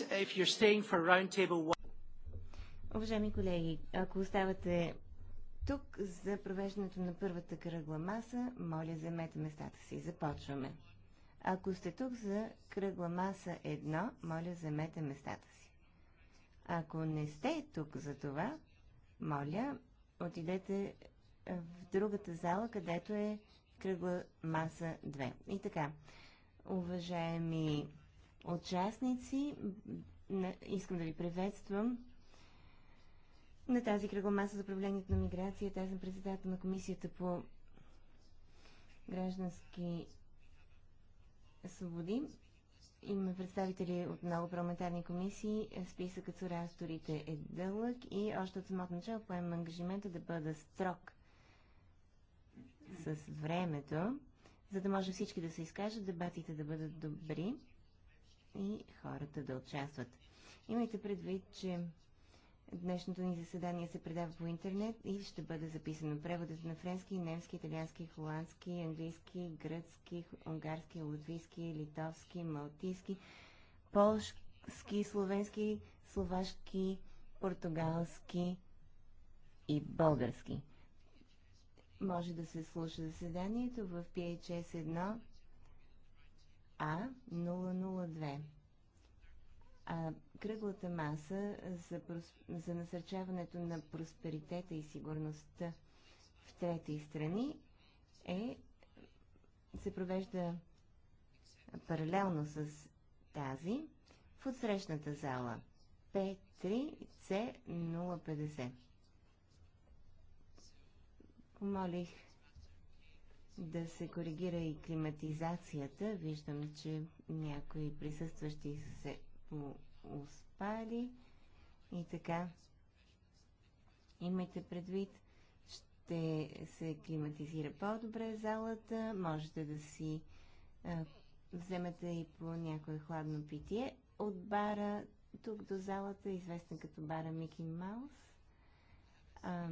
One... Уважаеми колеги, ако оставате тук за провеждането на първата кръгла маса, моля заемете местата си. Започваме. Ако сте тук за кръгла маса 1, моля заемете местата си. Ако не сте тук за това, моля отидете в другата зала, където е кръгла маса 2. И така, уважаеми участници. Искам да ви приветствам на тази маса за управлението на миграцията. Аз съм председател на Комисията по граждански свободи. Имаме представители от много парламентарни комисии. Списъкът с авторите е дълъг и още от самото начало поемам ангажимента да бъда строг с времето, за да може всички да се изкажат, дебатите да бъдат добри и хората да участват. Имайте предвид, че днешното ни заседание се предава по интернет и ще бъде записано преводът на френски, немски, италиански, холандски, английски, гръцки, унгарски, латвийски, литовски, малтийски, полски, словенски, словашки, португалски и български. Може да се слуша заседанието в PHS 1 а002. А кръглата маса за, прос... за насърчаването на просперитета и сигурността в трети страни е се провежда паралелно с тази в отсрещната зала P3C050. Помолих да се коригира и климатизацията. Виждам, че някои присъстващи се успали и така. Имайте предвид, ще се климатизира по-добре залата, можете да си а, вземете и по някое хладно питие. От бара тук до залата, известна като бара Микки Маус, а,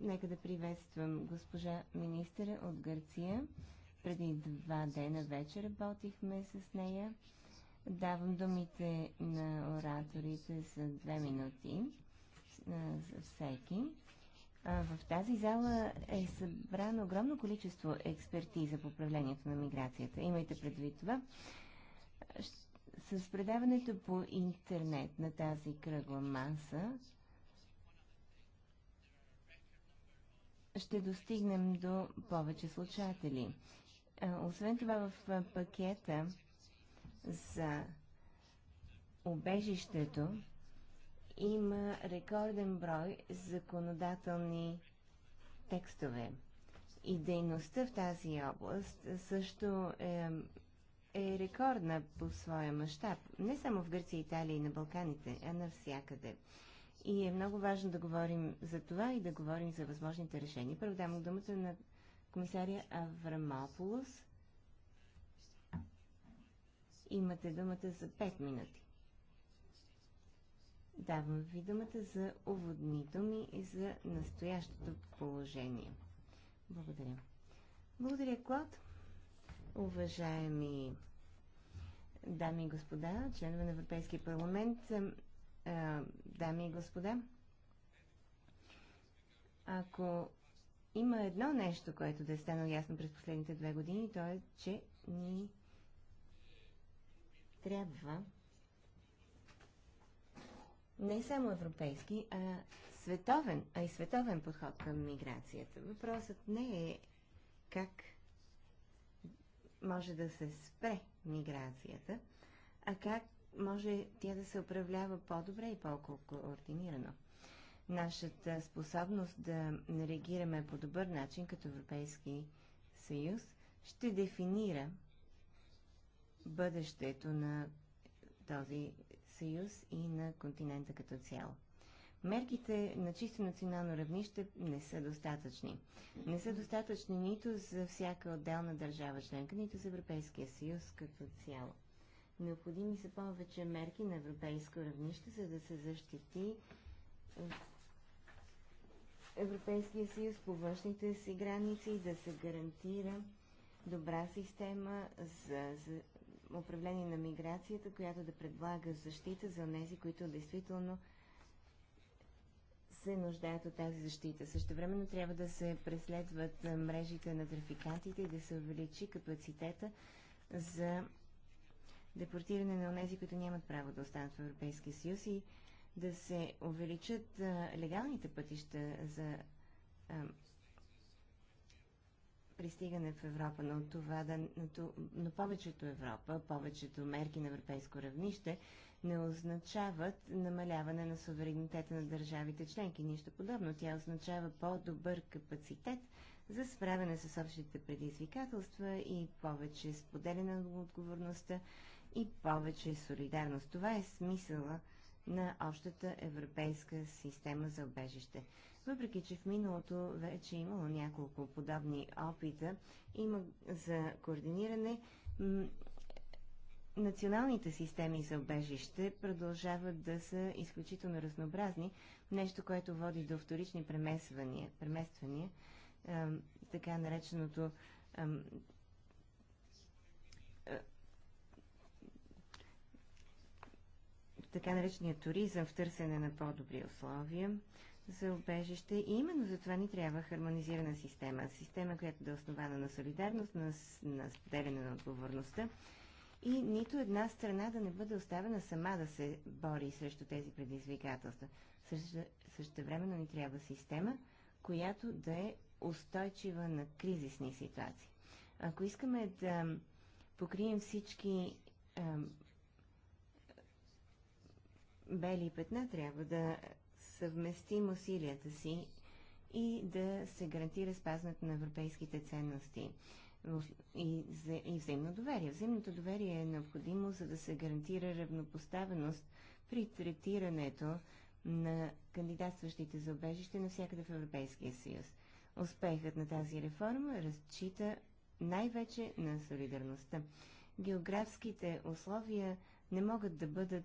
Нека да приветствам госпожа министъра от Гърция. Преди два дена вече работихме с нея. Давам думите на ораторите за две минути за всеки. В тази зала е събрано огромно количество експертиза по управлението на миграцията. Имайте предвид това. С предаването по интернет на тази кръгла маса ще достигнем до повече слушатели. Освен това в пакета за убежището има рекорден брой законодателни текстове. И дейността в тази област също е, е рекордна по своя мащаб. Не само в Гърция, Италия и на Балканите, а навсякъде. И е много важно да говорим за това и да говорим за възможните решения. Първо дам думата на комисария Аврамополос. Имате думата за 5 минути. Давам ви думата за уводни думи и за настоящото положение. Благодаря. Благодаря, Клод. Уважаеми дами и господа, членове на Европейския парламент, е, дами и господа, ако има едно нещо, което да е станало ясно през последните две години, то е, че ни трябва не само европейски, а световен, а и световен подход към миграцията. Въпросът не е как може да се спре миграцията, а как може тя да се управлява по-добре и по-координирано. Нашата способност да реагираме по добър начин като Европейски съюз ще дефинира бъдещето на този съюз и на континента като цяло. Мерките на чисто национално равнище не са достатъчни. Не са достатъчни нито за всяка отделна държава членка, нито за Европейския съюз като цяло. Необходими са повече мерки на европейско равнище, за да се защити е, Европейския съюз по външните си граници и да се гарантира добра система за, за управление на миграцията, която да предлага защита за тези, които действително се нуждаят от тази защита. Също времено трябва да се преследват е, мрежите на трафикантите и да се увеличи капацитета за депортиране на тези, които нямат право да останат в Европейския съюз и да се увеличат а, легалните пътища за а, пристигане в Европа, но, това да, но, но повечето Европа, повечето мерки на европейско равнище не означават намаляване на суверенитета на държавите членки. Нищо подобно. Тя означава по-добър капацитет за справяне с общите предизвикателства и повече споделяне на отговорността и повече солидарност. Това е смисъла на общата европейска система за обежище. Въпреки, че в миналото вече е имало няколко подобни опита има за координиране, националните системи за обежище продължават да са изключително разнообразни, нещо, което води до вторични премествания, премествания така нареченото така наречения туризъм в търсене на по-добри условия за убежище. И именно за това ни трябва хармонизирана система. Система, която да е основана на солидарност, на, на споделяне на отговорността и нито една страна да не бъде оставена сама да се бори срещу тези предизвикателства. Също, също времено ни трябва система, която да е устойчива на кризисни ситуации. Ако искаме да покрием всички бели петна, трябва да съвместим усилията си и да се гарантира спазването на европейските ценности и, взаимно доверие. Взаимното доверие е необходимо, за да се гарантира равнопоставеност при третирането на кандидатстващите за обежище навсякъде в Европейския съюз. Успехът на тази реформа разчита най-вече на солидарността. Географските условия не могат да бъдат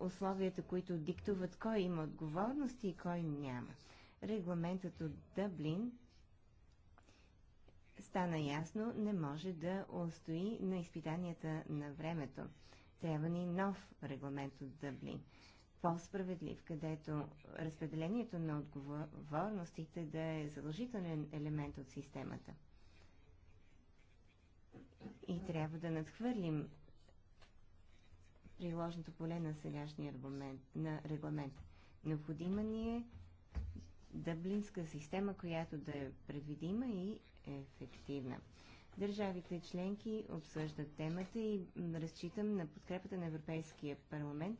условията, които диктуват кой има отговорности и кой няма. Регламентът от Дъблин стана ясно, не може да устои на изпитанията на времето. Трябва ни нов регламент от Дъблин. По-справедлив, където разпределението на отговорностите да е задължителен елемент от системата. И трябва да надхвърлим приложното поле на сегашния регламент, на регламент. Необходима ни е дъблинска система, която да е предвидима и ефективна. Държавите членки обсъждат темата и разчитам на подкрепата на Европейския парламент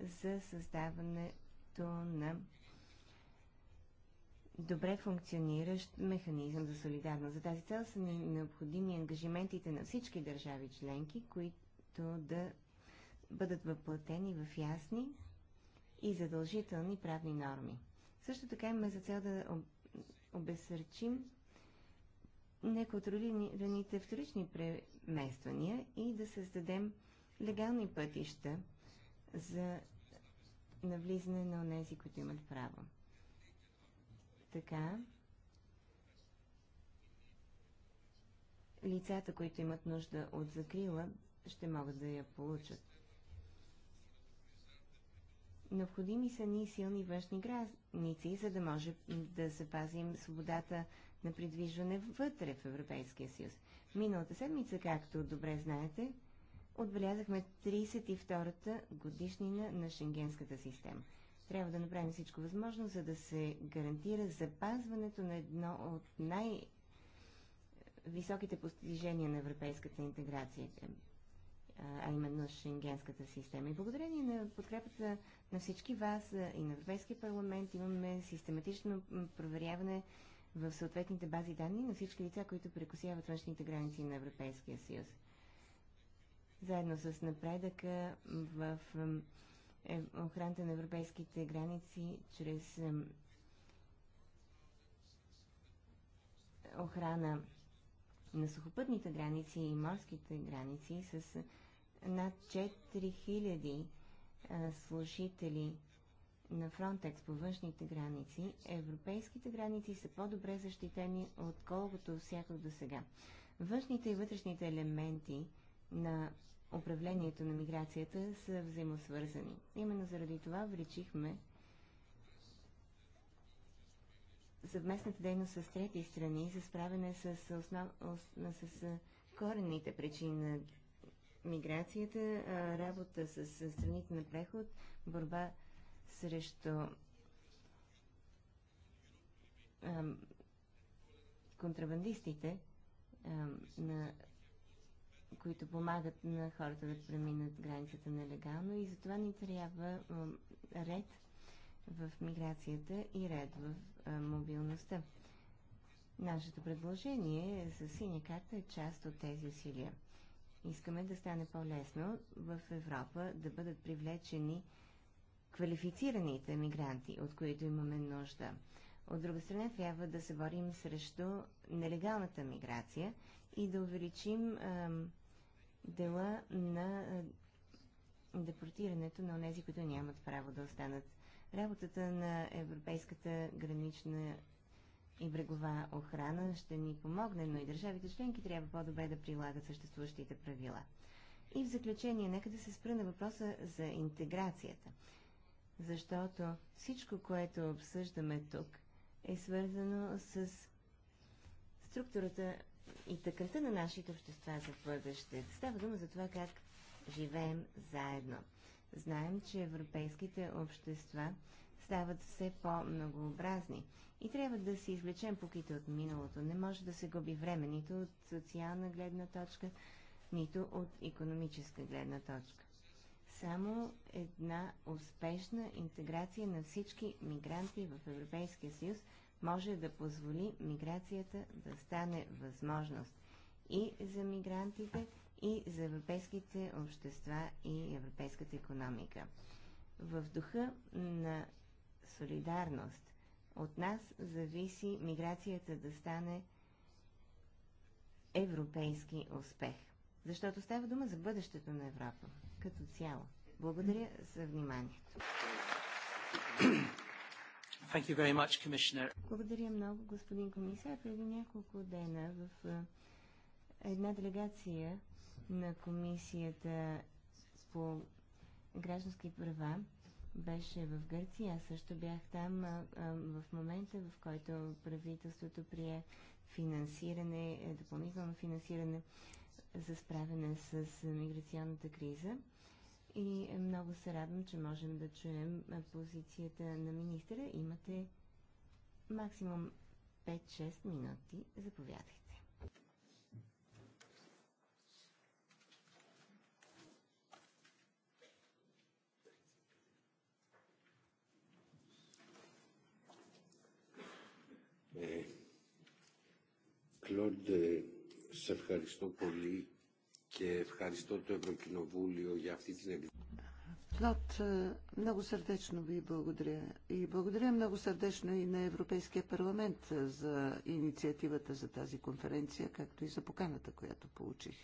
за създаването на добре функциониращ механизъм за солидарност. За тази цел са необходими ангажиментите на всички държави членки, които да бъдат въплатени в ясни и задължителни правни норми. Също така имаме за цел да обесърчим неконтролираните вторични премествания и да създадем легални пътища за навлизане на онези, които имат право. Така, лицата, които имат нужда от закрила, ще могат да я получат. Необходими са ни силни външни граници, за да може да запазим свободата на придвижване вътре в Европейския съюз. Миналата седмица, както добре знаете, отбелязахме 32-та годишнина на Шенгенската система. Трябва да направим всичко възможно, за да се гарантира запазването на едно от най- високите постижения на европейската интеграция а именно шенгенската система. И благодарение на подкрепата на всички вас и на Европейския парламент имаме систематично проверяване в съответните бази данни на всички лица, които прекусяват външните граници на Европейския съюз. Заедно с напредъка в е, охраната на европейските граници чрез охрана на сухопътните граници и морските граници с над 4000 служители на Фронтекс по външните граници, европейските граници са по-добре защитени, отколкото всяко до сега. Външните и вътрешните елементи на управлението на миграцията са взаимосвързани. Именно заради това увеличихме съвместната дейност с трети страни за справяне с, основ... с корените причини на миграцията, работа с страните на преход, борба срещу контрабандистите, на, които помагат на хората да преминат границата нелегално и затова ни трябва ред в миграцията и ред в мобилността. Нашето предложение за е синя карта е част от тези усилия. Искаме да стане по-лесно в Европа да бъдат привлечени квалифицираните мигранти, от които имаме нужда. От друга страна, трябва да се борим срещу нелегалната миграция и да увеличим а, дела на депортирането на тези, които нямат право да останат. Работата на Европейската гранична и брегова охрана ще ни помогне, но и държавите членки трябва по-добре да прилагат съществуващите правила. И в заключение, нека да се спра на въпроса за интеграцията, защото всичко, което обсъждаме тук, е свързано с структурата и тъканта на нашите общества за бъдеще. Става дума за това как живеем заедно. Знаем, че европейските общества стават все по-многообразни. И трябва да си извлечем поките от миналото. Не може да се губи време нито от социална гледна точка, нито от економическа гледна точка. Само една успешна интеграция на всички мигранти в Европейския съюз може да позволи миграцията да стане възможност и за мигрантите, и за европейските общества и европейската економика. В духа на солидарност. От нас зависи миграцията да стане европейски успех. Защото става дума за бъдещето на Европа като цяло. Благодаря за вниманието. Thank you very much, Благодаря много, господин комисар. Преди няколко дена в една делегация на комисията по граждански права беше в Гърция. Аз също бях там а, а, в момента, в който правителството прие финансиране, е, допълнително финансиране за справяне с миграционната криза. И е, много се радвам, че можем да чуем позицията на министра. Имате максимум 5-6 минути. Заповядайте. Κλοντ, σε ευχαριστώ πολύ και ευχαριστώ το Ευρωκοινοβούλιο για αυτή την επιτυχία. Плат, много сърдечно ви благодаря. И благодаря много сърдечно и на Европейския парламент е, за инициативата за тази конференция, както и за поканата, която получих.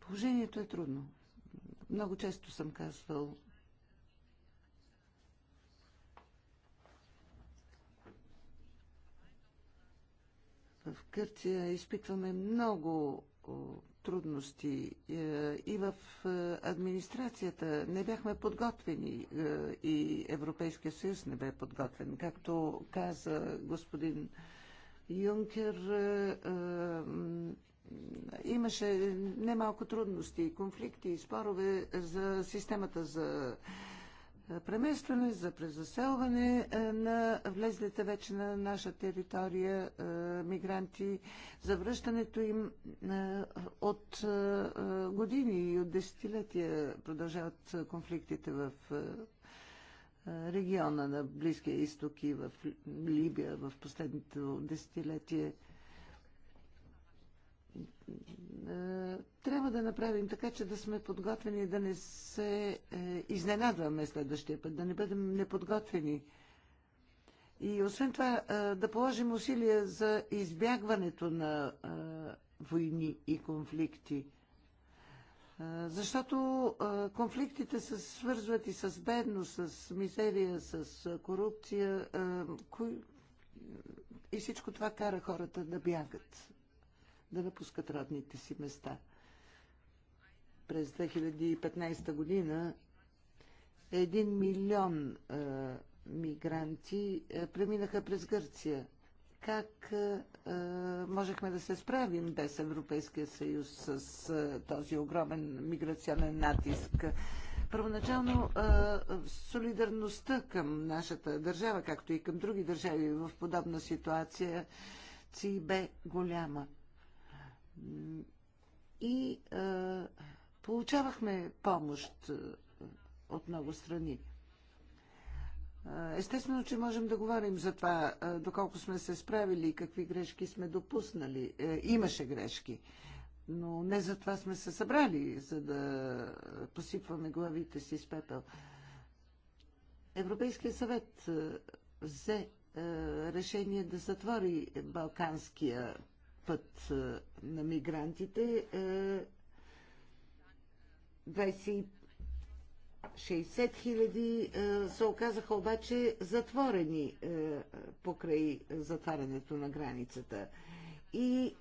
Положението е трудно. Много често съм казвал, в Кърция изпитваме много трудности е, и в е, администрацията не бяхме подготвени е, и Европейския съюз не бе подготвен. Както каза господин Юнкер, имаше немалко трудности, конфликти и спорове за системата за преместване, за презаселване е, на влезлите вече на наша територия е, мигранти, за връщането им е, от години и от десетилетия продължават конфликтите в региона на Близкия изток и в Либия в последното десетилетие трябва да направим така, че да сме подготвени и да не се е, изненадваме следващия път, да не бъдем неподготвени. И освен това е, да положим усилия за избягването на е, войни и конфликти. Защото конфликтите се свързват и с бедност, с мизерия, с корупция и всичко това кара хората да бягат да напускат родните си места. През 2015 година 1 милион а, мигранти а, преминаха през Гърция. Как а, можехме да се справим без Европейския съюз с а, този огромен миграционен натиск? Първоначално а, солидарността към нашата държава, както и към други държави в подобна ситуация, си бе голяма. И а, получавахме помощ от много страни. Естествено, че можем да говорим за това, доколко сме се справили и какви грешки сме допуснали. Е, имаше грешки, но не за това сме се събрали, за да посипваме главите си с пепел. Европейския съвет взе решение да затвори Балканския път на мигрантите. е 60 хиляди се оказаха обаче затворени покрай затварянето на границата. И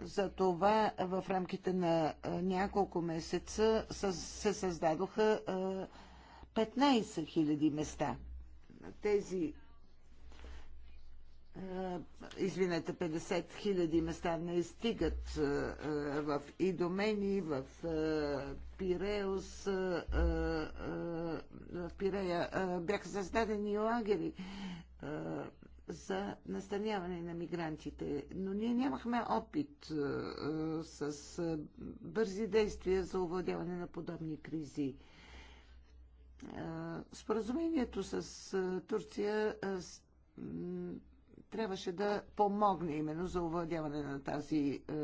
за това в рамките на няколко месеца се създадоха 15 000 места. Тези е, извинете, 50 хиляди места не стигат е, е, в Идомени, в Пиреус, в Пирея. Бяха създадени лагери за настаняване на мигрантите, но ние нямахме опит с бързи действия за овладяване на подобни кризи. Споразумението с Турция трябваше да помогне именно за овладяване на тази е,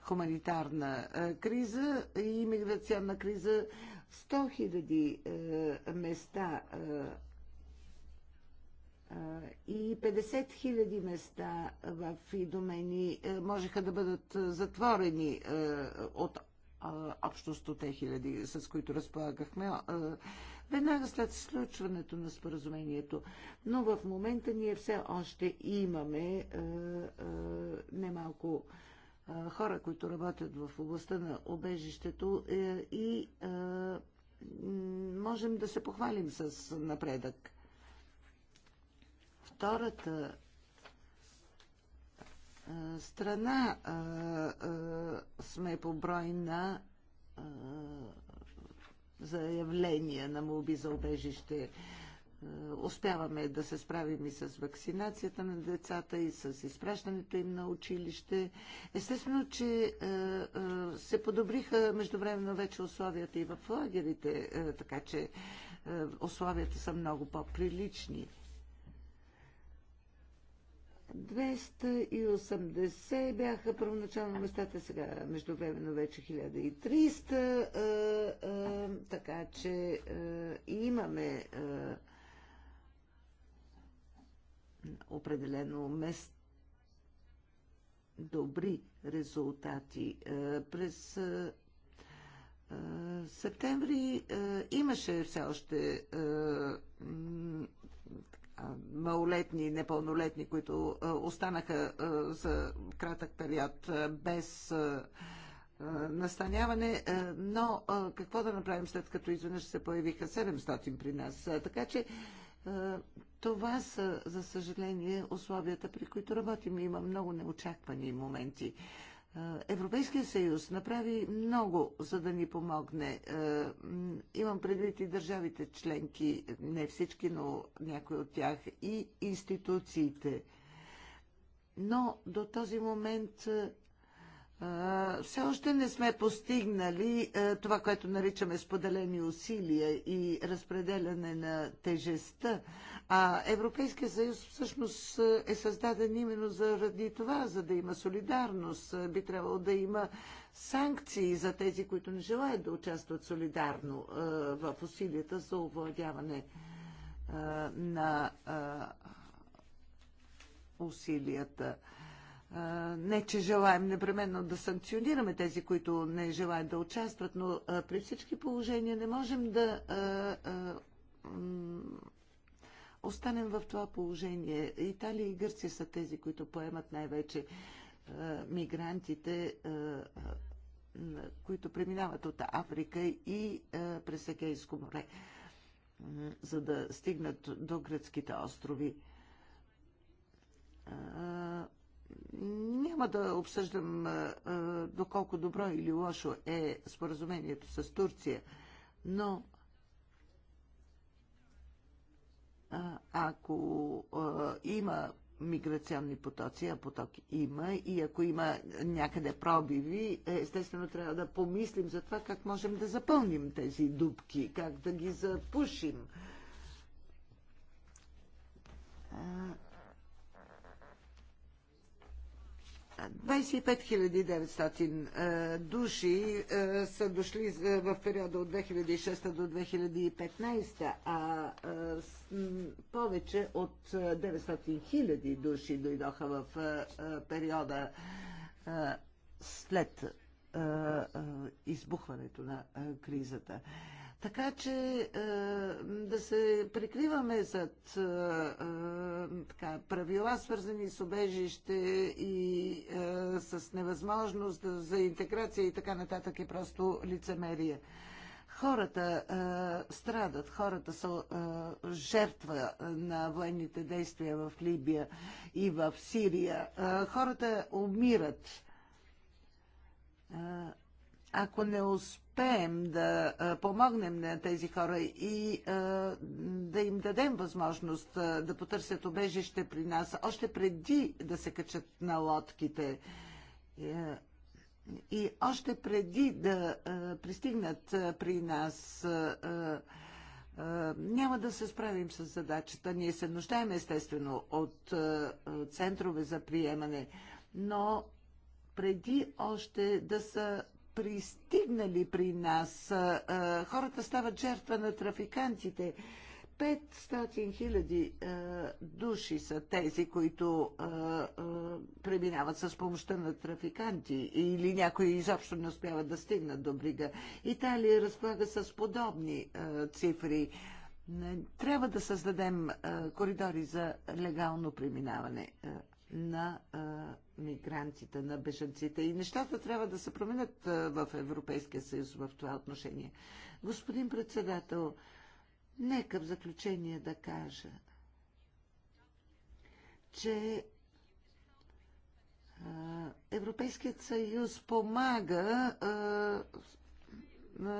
хуманитарна е, криза и иммиграционна криза. 100 хиляди е, места е, е, и 50 хиляди места в Идомени е, можеха да бъдат затворени от общо 100 хиляди, с които разполагахме веднага след сключването на споразумението. Но в момента ние все още имаме е, е, немалко е, хора, които работят в областта на обежището е, и е, можем да се похвалим с напредък. Втората е, страна а, е, а, е, сме по брой на заявления на молби за убежище. Е, успяваме да се справим и с вакцинацията на децата, и с изпращането им на училище. Естествено, че е, е, се подобриха междувременно вече условията и в лагерите, така че условията са много по-прилични 280 бяха първоначално местата, сега междувременно вече 1300, така че имаме определено мест добри резултати. През септември имаше все още малолетни и непълнолетни, които останаха за кратък период без настаняване, но какво да направим след като изведнъж се появиха 700 при нас? Така че това са, за съжаление, условията, при които работим. Има много неочаквани моменти. Европейския съюз направи много, за да ни помогне. Имам предвид и държавите членки, не всички, но някои от тях, и институциите. Но до този момент все още не сме постигнали това, което наричаме споделени усилия и разпределяне на тежестта. А Европейския съюз всъщност е създаден именно заради това, за да има солидарност. Би трябвало да има санкции за тези, които не желаят да участват солидарно в усилията за овладяване на усилията. Не, че желаем непременно да санкционираме тези, които не желаят да участват, но при всички положения не можем да останем в това положение. Италия и Гърция са тези, които поемат най-вече мигрантите, които преминават от Африка и през Егейско море, за да стигнат до гръцките острови няма да обсъждам доколко добро или лошо е споразумението с Турция, но ако има миграционни потоци, а поток има и ако има някъде пробиви, естествено трябва да помислим за това как можем да запълним тези дубки, как да ги запушим. 25 900 е, души е, са дошли е, в периода от 2006 до 2015, а повече от 900 000 души дойдоха в периода след избухването на кризата. Така че е, да се прикриваме зад е, е, така, правила, свързани с обежище и е, с невъзможност за интеграция и така нататък е просто лицемерие. Хората е, страдат, хората са е, жертва на военните действия в Либия и в Сирия. Е, хората умират. Е, ако не успеят, успеем да помогнем на тези хора и да им дадем възможност да потърсят обежище при нас, още преди да се качат на лодките е, и още преди да пристигнат при нас няма да се справим с задачата. Ние се нуждаем естествено от центрове за приемане, но преди още да са пристигнали при нас. Хората стават жертва на трафикантите. 500 хиляди души са тези, които преминават с помощта на трафиканти или някои изобщо не успяват да стигнат до брига. Италия разполага с подобни цифри. Трябва да създадем коридори за легално преминаване на мигрантите, на бежанците и нещата трябва да се променят в Европейския съюз в това отношение. Господин председател, нека в заключение да кажа, че Европейският съюз помага,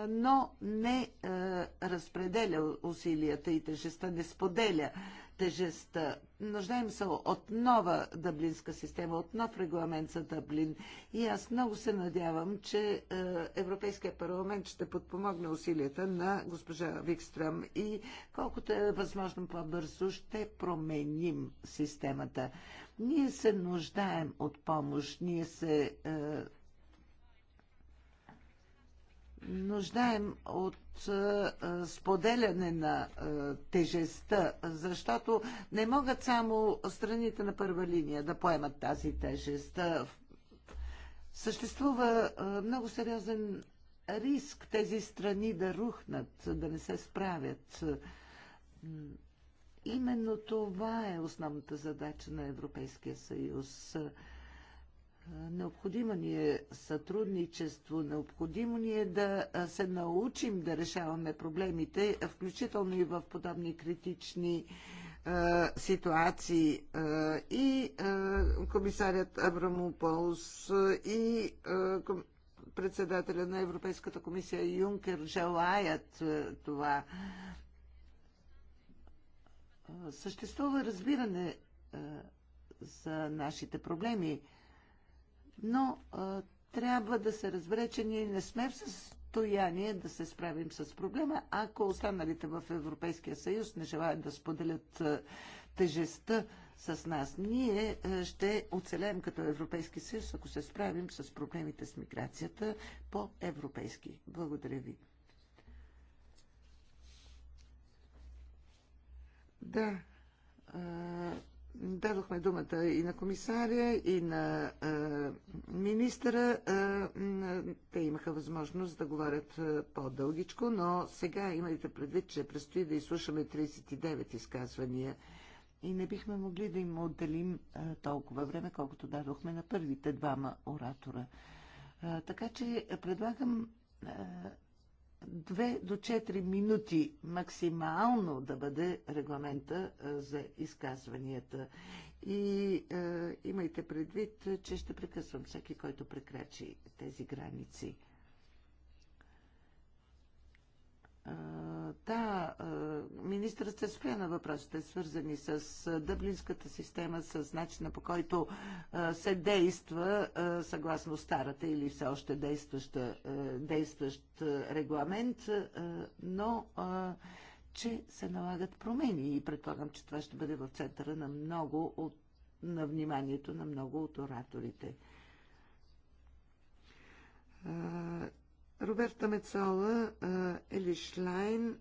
но не разпределя усилията и тежеста, не споделя тежестта. Нуждаем се от нова дъблинска система, от нов регламент за Дъблин. И аз много се надявам, че е, Европейския парламент ще подпомогне усилията на госпожа Викстрам и колкото е възможно по-бързо ще променим системата. Ние се нуждаем от помощ, ние се е, нуждаем от споделяне на тежестта, защото не могат само страните на първа линия да поемат тази тежест. Съществува много сериозен риск тези страни да рухнат, да не се справят. Именно това е основната задача на Европейския съюз – Необходимо ни е сътрудничество, необходимо ни е да се научим да решаваме проблемите, включително и в подобни критични ситуации и комисарят Абрамополс и председателя на Европейската комисия Юнкер желаят това. Съществува разбиране за нашите проблеми но а, трябва да се разбере, че ние не сме в състояние да се справим с проблема, ако останалите в Европейския съюз не желаят да споделят а, тежестта с нас. Ние а, ще оцелем като Европейски съюз, ако се справим с проблемите с миграцията по-европейски. Благодаря ви. Да. А дадохме думата и на комисаря, и на а, е, министра. А, е, те имаха възможност да говорят е, по-дългичко, но сега имайте предвид, че предстои да изслушаме 39 изказвания и не бихме могли да им отделим а, толкова време, колкото дадохме на първите двама оратора. А, така че предлагам 2 до 4 минути максимално да бъде регламента за изказванията. И е, имайте предвид, че ще прекъсвам всеки, който прекрачи тези граници. Е, да, министър, се спря на въпросите, свързани с дъблинската система, с начина по който се действа съгласно старата или все още действаща, действащ регламент, но че се налагат промени и предполагам, че това ще бъде в центъра на много от, на вниманието на много от ораторите Роберта Мецола, Ели Шлайн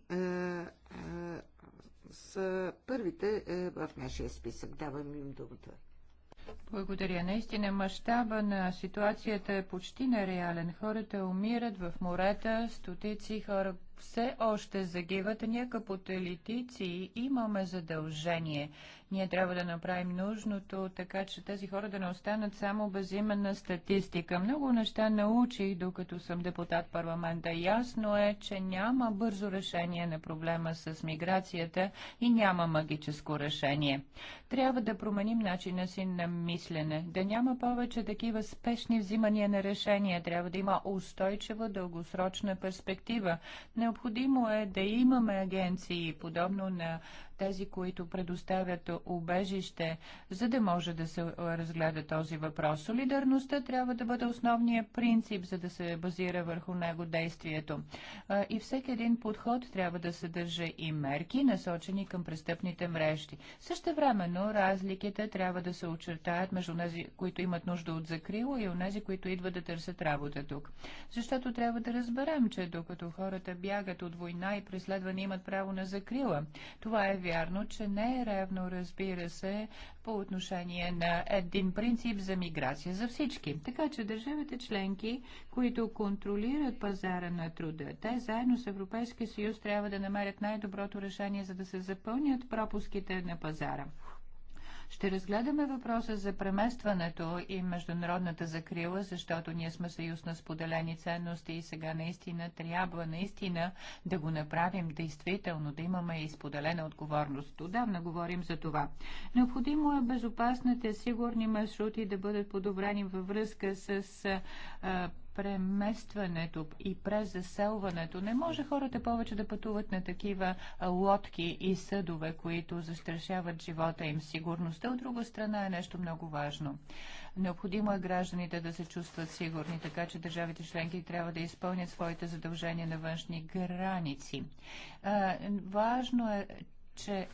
са първите е, в нашия списък. Давам им думата. Благодаря. Наистина мащаба на ситуацията е почти нереален. Хората умират в морета, стотици хора все още загиват ние и имаме задължение. Ние трябва да направим нужното, така че тези хора да не останат само безименна статистика. Много неща научих, докато съм депутат парламента. Ясно е, че няма бързо решение на проблема с миграцията и няма магическо решение. Трябва да променим начина си на мислене, да няма повече такива спешни взимания на решения. Трябва да има устойчива дългосрочна перспектива. Не Необходимо е да имаме агенции, подобно на тези, които предоставят убежище, за да може да се разгледа този въпрос. Солидарността трябва да бъде основният принцип, за да се базира върху него действието. И всеки един подход трябва да съдържа и мерки, насочени към престъпните мрежи. Също времено разликите трябва да се очертаят между тези, които имат нужда от закрило и онези, които идват да търсят работа тук. Защото трябва да разберем, че докато хората бягат от война и преследване имат право на закрила, това е вярно, че не е ревно, разбира се, по отношение на един принцип за миграция за всички. Така че държавите членки, които контролират пазара на труда, те заедно с Европейския съюз трябва да намерят най-доброто решение, за да се запълнят пропуските на пазара. Ще разгледаме въпроса за преместването и международната закрила, защото ние сме съюз на споделени ценности и сега наистина трябва наистина да го направим действително, да имаме и споделена отговорност. Отдавна говорим за това. Необходимо е безопасните, сигурни маршрути да бъдат подобрени във връзка с а, преместването и презаселването. Не може хората повече да пътуват на такива лодки и съдове, които застрашават живота им. Сигурността от друга страна е нещо много важно. Необходимо е гражданите да се чувстват сигурни, така че държавите членки трябва да изпълнят своите задължения на външни граници. Важно е, че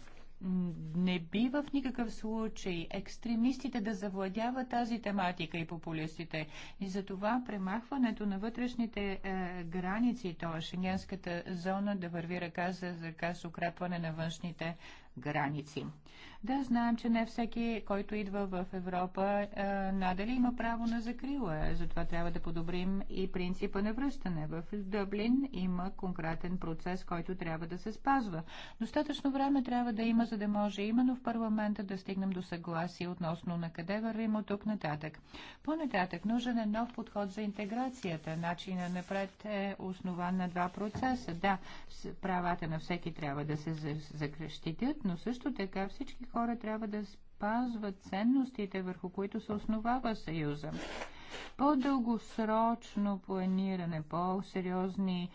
не би в никакъв случай екстремистите да завладяват тази тематика и популистите. И затова премахването на вътрешните е, граници, т.е. шенгенската зона да върви ръка за ръка с укрепване на външните граници да знаем, че не всеки, който идва в Европа, е, надали има право на закрила. Затова трябва да подобрим и принципа на връщане. В Дъблин има конкретен процес, който трябва да се спазва. Достатъчно време трябва да има, за да може именно в парламента да стигнем до съгласие относно на къде вървим от тук нататък. По-нататък нужен е нов подход за интеграцията. Начина напред е основан на два процеса. Да, правата на всеки трябва да се защитят, но също така всички хора трябва да спазват ценностите, върху които се основава Съюза. По-дългосрочно планиране, по-сериозни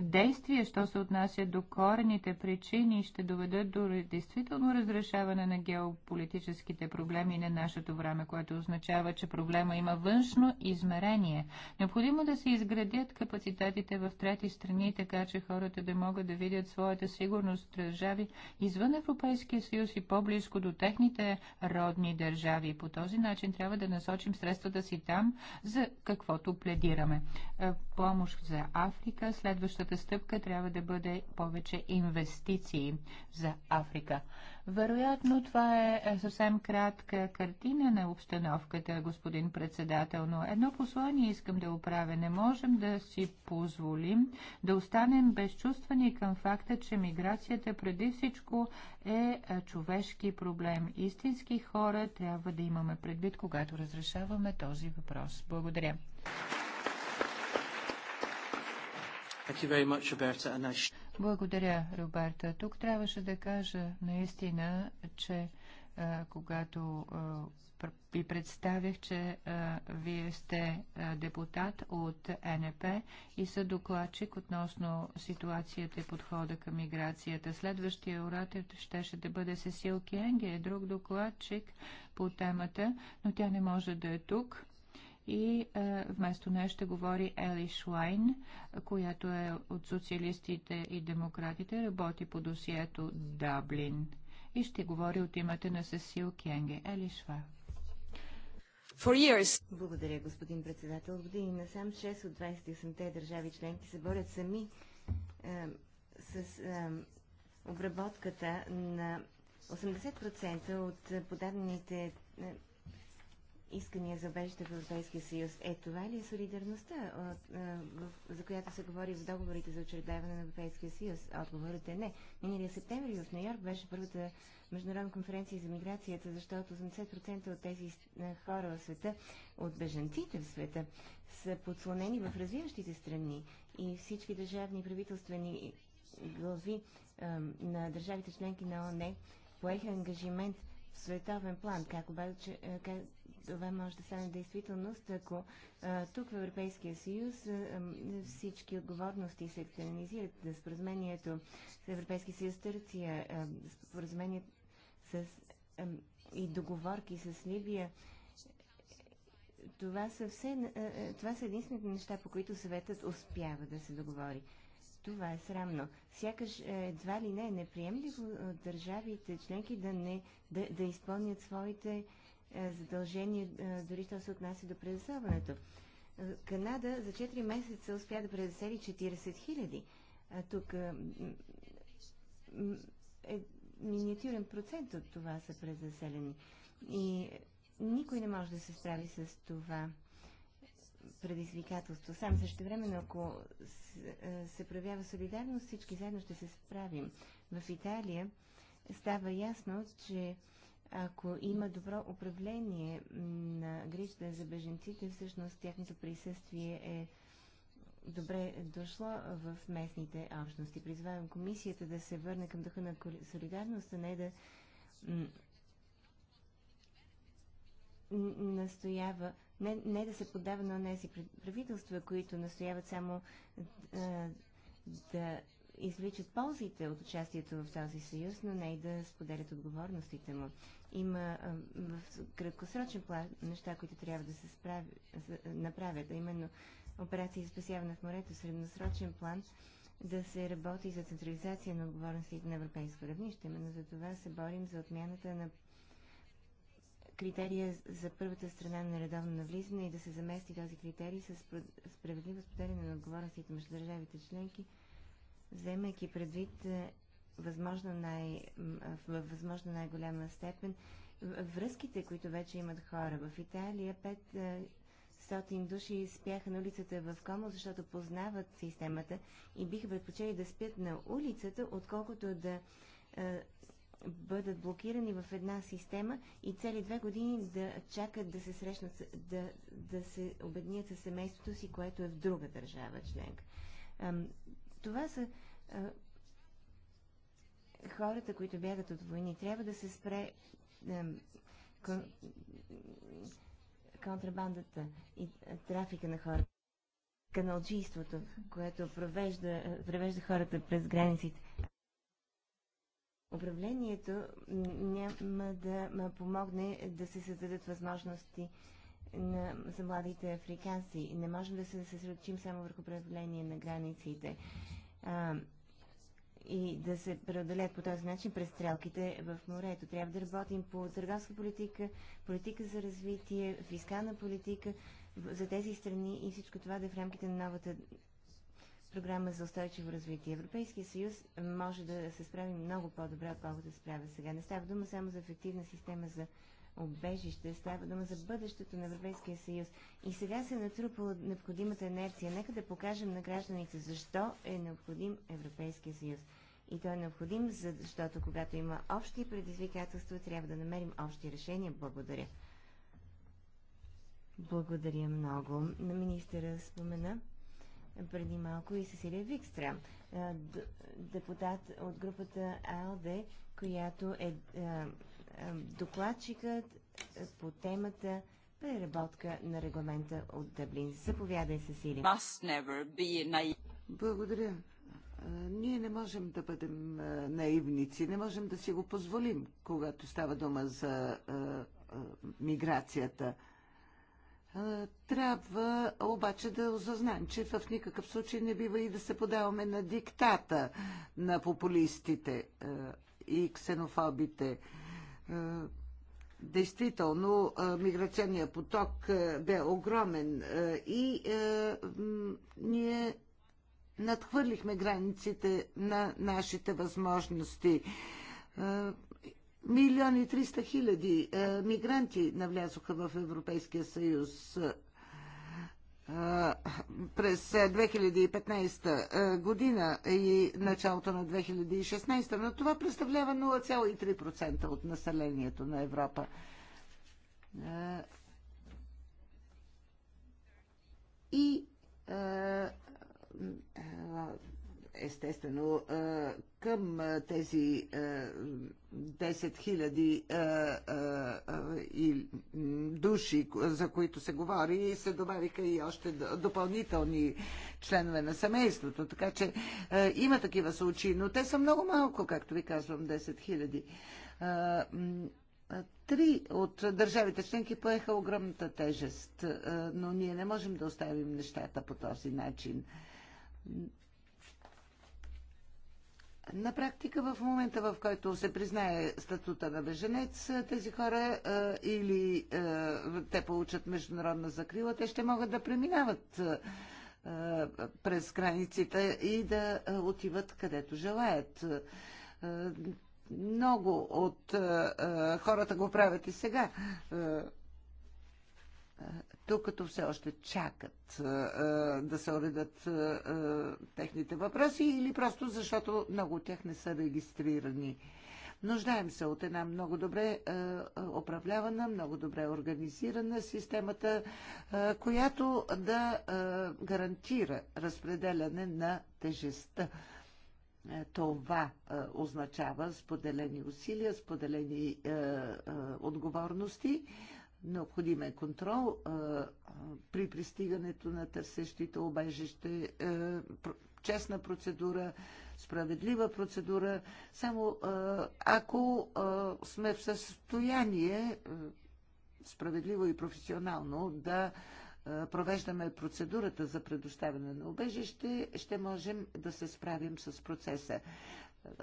действия, що се отнася до корените причини, ще доведат до действително разрешаване на геополитическите проблеми на нашето време, което означава, че проблема има външно измерение. Необходимо да се изградят капацитетите в трети страни, така че хората да могат да видят своята сигурност в държави извън Европейския съюз и по-близко до техните родни държави. По този начин трябва да насочим средствата си там, за каквото пледираме. Е, помощ за Африка Африка, следващата стъпка трябва да бъде повече инвестиции за Африка. Вероятно това е съвсем кратка картина на обстановката, господин председател, но едно послание искам да оправя. Не можем да си позволим да останем безчувствани към факта, че миграцията преди всичко е човешки проблем. Истински хора трябва да имаме предвид, когато разрешаваме този въпрос. Благодаря. Благодаря, Роберта. Тук трябваше да кажа наистина, че когато ви представих, че вие сте депутат от НП и са докладчик относно ситуацията и подхода към миграцията. Следващия оратор щеше да бъде Сесил Кенге, е друг докладчик по темата, но тя не може да е тук и е, вместо нея ще говори Ели Шуайн, която е от социалистите и демократите, работи по досието Даблин и ще говори от името на Сесил Кенге. Ели Шва. For years. Благодаря, господин председател. Години на сам 6 от 28-те държави членки се борят сами е, с е, обработката на 80% от подадените е, искания за обежище в Европейския съюз. Е, това ли е солидарността, от, в, за която се говори в договорите за учредяване на Европейския съюз? Отговорът е не. Миналия септември в Нью-Йорк беше първата международна конференция за миграцията, защото 80% от тези хора в света, от бежанците в света, са подслонени в развиващите страни и всички държавни правителствени глави на държавите членки на ОНЕ поеха ангажимент – световен план. Как обаче е, как това може да стане действителност, ако а, е, тук в Европейския съюз а, е, всички отговорности се екстернизират. Споразумението с Европейския съюз Турция, споразумение с, а, и договорки с Либия, това са, все, това са единствените неща, по които съветът успява да се договори. Това е срамно. Сякаш е, едва ли не е неприемливо е, държавите членки да, не, да, да изпълнят своите е, задължения, дори що се отнася до предоставянето. Канада за 4 месеца успя да предосели 40 хиляди. А тук е миниатюрен процент от това са презаселени. И никой не може да се справи с това предизвикателство. Сам също време, ако е, се проявява солидарност, всички заедно ще се справим. В Италия става ясно, че ако има добро управление на грижата за беженците, всъщност тяхното присъствие е добре дошло в местните общности. Призвавам комисията да се върне към духа на солидарност, а не да настоява, не, не да се поддава на тези правителства, които настояват само а, да извличат ползите от участието в този съюз, но не и да споделят отговорностите му. Има а, в краткосрочен план неща, които трябва да се справи, направят, а именно операции за спасяване в морето, в средносрочен план да се работи за централизация на отговорностите на европейско равнище. Именно за това се борим за отмяната на критерия за първата страна на редовно навлизане и да се замести този критерий с справедливо споделяне на отговорностите между държавите членки, вземайки предвид е, възможно най, в възможно най-голяма степен връзките, които вече имат хора. В Италия 500 е, души спяха на улицата в Комо, защото познават системата и биха предпочели да спят на улицата, отколкото да е, бъдат блокирани в една система и цели две години да чакат да се срещнат, да, да се обеднят със семейството си, което е в друга държава членка. Това са хората, които бягат от войни. Трябва да се спре контрабандата и трафика на хората каналджийството, което превежда хората през границите управлението няма да помогне да се създадат възможности на, за младите африканци. Не можем да се съсредоточим само върху преодоление на границите а, и да се преодолеят по този начин през стрелките в морето. Трябва да работим по търговска политика, политика за развитие, фискална политика за тези страни и всичко това да е в рамките на новата програма за устойчиво развитие. Европейския съюз може да се справи много по-добре, отколкото се справя сега. Не става дума само за ефективна система за обежище, става дума за бъдещето на Европейския съюз. И сега се натрупала необходимата инерция. Нека да покажем на гражданите защо е необходим Европейския съюз. И той е необходим, защото когато има общи предизвикателства, трябва да намерим общи решения. Благодаря. Благодаря много. На министъра спомена преди малко и Сесилия Викстра, депутат от групата АЛДЕ, която е докладчикът по темата преработка на регламента от Дъблин. Заповядай, Сесилия. Благодаря. Ние не можем да бъдем наивници, не можем да си го позволим, когато става дума за миграцията. Трябва обаче да осъзнаем, че в никакъв случай не бива и да се подаваме на диктата на популистите и ксенофобите. Действително, миграционният поток бе огромен и ние надхвърлихме границите на нашите възможности. Милиони и 300 хиляди е, мигранти навлязоха в Европейския съюз е, през 2015 е, година и началото на 2016, но това представлява 0,3% от населението на Европа. И естествено към тези 10 000 души, за които се говори, се добавиха и още допълнителни членове на семейството. Така че има такива случаи, но те са много малко, както ви казвам, 10 000. Три от държавите членки поеха огромната тежест, но ние не можем да оставим нещата по този начин. На практика в момента, в който се признае статута на беженец, тези хора е, или е, те получат международна закрила, те ще могат да преминават е, през границите и да отиват където желаят. Много от хората го правят и сега докато все още чакат да се уредат техните въпроси или просто защото много от тях не са регистрирани. Нуждаем се от една много добре е, управлявана, много добре организирана системата, е, която да е, гарантира разпределяне на тежестта. Е, това е, означава споделени усилия, споделени е, е, отговорности, Необходим е контрол при пристигането на търсещите обежище, е, честна процедура, справедлива процедура. Само ако сме в състояние е, справедливо и професионално да провеждаме процедурата за предоставяне на убежище, ще можем да се справим с процеса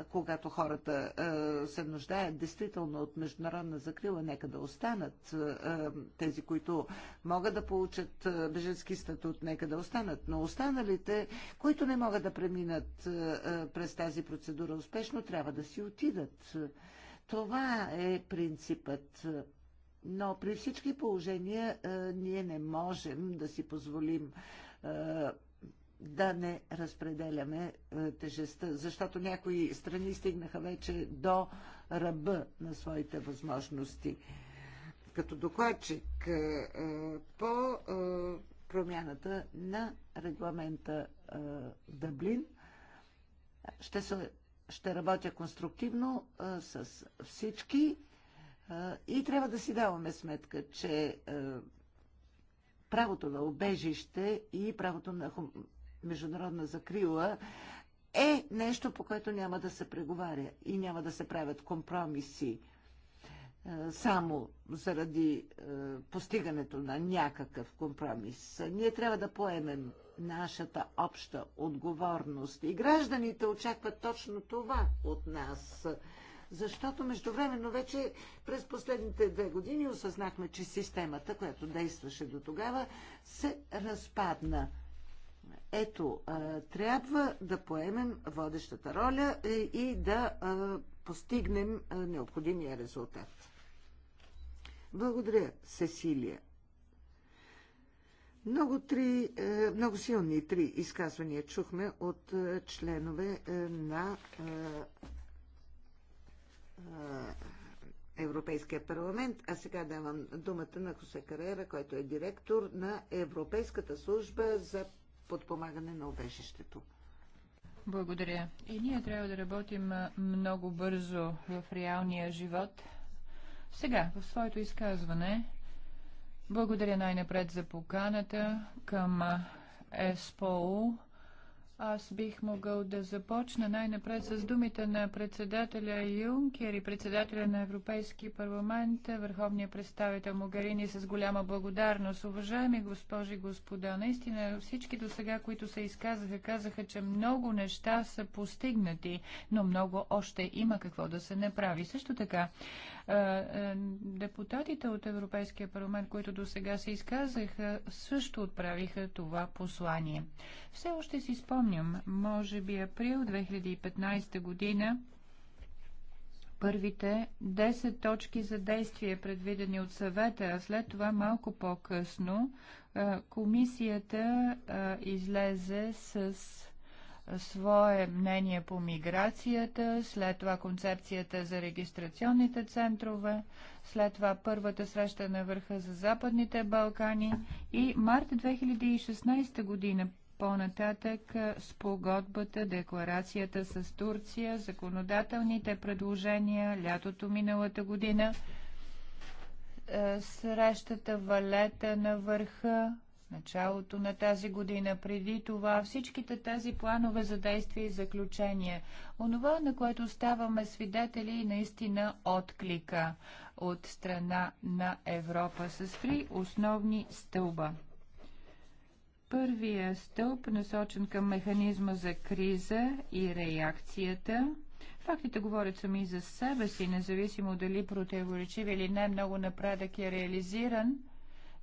когато хората е, се нуждаят действително от международна закрила, нека да останат е, тези, които могат да получат е, беженски статут, нека да останат. Но останалите, които не могат да преминат през тази процедура успешно, трябва да си отидат. Това е принципът. Но при всички положения ние не можем да си позволим да не разпределяме е, тежестта, защото някои страни стигнаха вече до ръба на своите възможности. Като докладчик е, е, по промяната на регламента Дъблин ще, се, ще работя конструктивно с всички и трябва да си даваме сметка, че правото на убежище и правото на международна закрила е нещо, по което няма да се преговаря и няма да се правят компромиси е, само заради е, постигането на някакъв компромис. Ние трябва да поемем нашата обща отговорност. И гражданите очакват точно това от нас. Защото междувременно вече през последните две години осъзнахме, че системата, която действаше до тогава, се разпадна. Ето, трябва да поемем водещата роля е, и да постигнем необходимия резултат. Благодаря, Сесилия. Много, три, е, много силни три изказвания чухме от е, членове на Европейския парламент. А сега давам думата на Хосе Карера, който е директор на Европейската служба за подпомагане на убежището. Благодаря. И ние трябва да работим много бързо в реалния живот. Сега, в своето изказване, благодаря най-напред за поканата към е СПО аз бих могъл да започна най-напред с думите на председателя Юнкер и председателя на Европейски парламент, върховния представител Могарини с голяма благодарност. Уважаеми госпожи и господа, наистина всички до сега, които се изказаха, казаха, че много неща са постигнати, но много още има какво да се направи. Също така, е, е, депутатите от Европейския парламент, които до сега се изказаха, също отправиха това послание. Все още си спомням, може би април 2015 година, първите 10 точки за действие, предвидени от съвета, а след това малко по-късно е, комисията излезе с свое мнение по миграцията, след това концепцията за регистрационните центрове, след това първата среща на върха за Западните Балкани и март 2016 година по-нататък с погодбата, декларацията с Турция, законодателните предложения лятото миналата година, срещата валета на върха началото на тази година, преди това, всичките тези планове за действие и заключение. Онова, на което ставаме свидетели, е наистина отклика от страна на Европа с три основни стълба. Първия стълб насочен към механизма за криза и реакцията. Фактите говорят сами за себе си, независимо дали противоречив или не, много напредък е реализиран –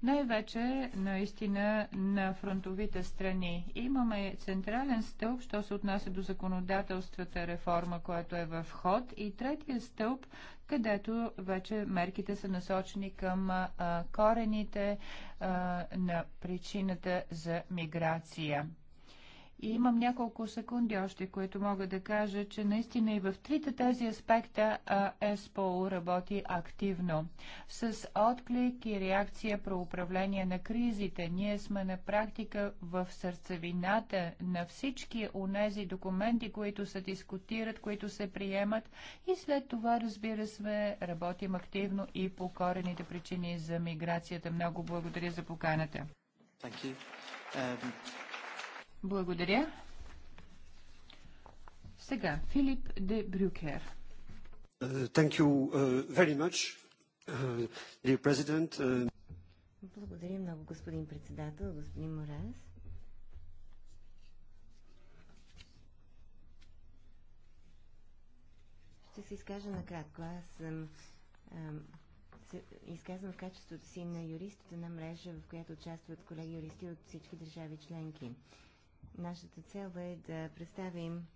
най-вече наистина на фронтовите страни. Имаме централен стълб, що се отнася до законодателствата реформа, която е в ход, и третия стълб, където вече мерките са насочени към а, корените а, на причината за миграция. И имам няколко секунди още, които мога да кажа, че наистина и в трите тези аспекта ЕСПО работи активно. С отклик и реакция про управление на кризите, ние сме на практика в сърцевината на всички онези документи, които се дискутират, които се приемат и след това, разбира се, работим активно и по корените причини за миграцията. Много благодаря за поканата. Thank you. Um... Благодаря. Сега Филип де Брюкер. Thank you uh, very much, uh, dear President. Uh, Благодаря много, господин председател, господин Морас. Ще се изкажа накратко. Аз съм се изказвам в качеството си на юрист от една мрежа, в която участват колеги юристи от всички държави членки. Нашата цел е да представим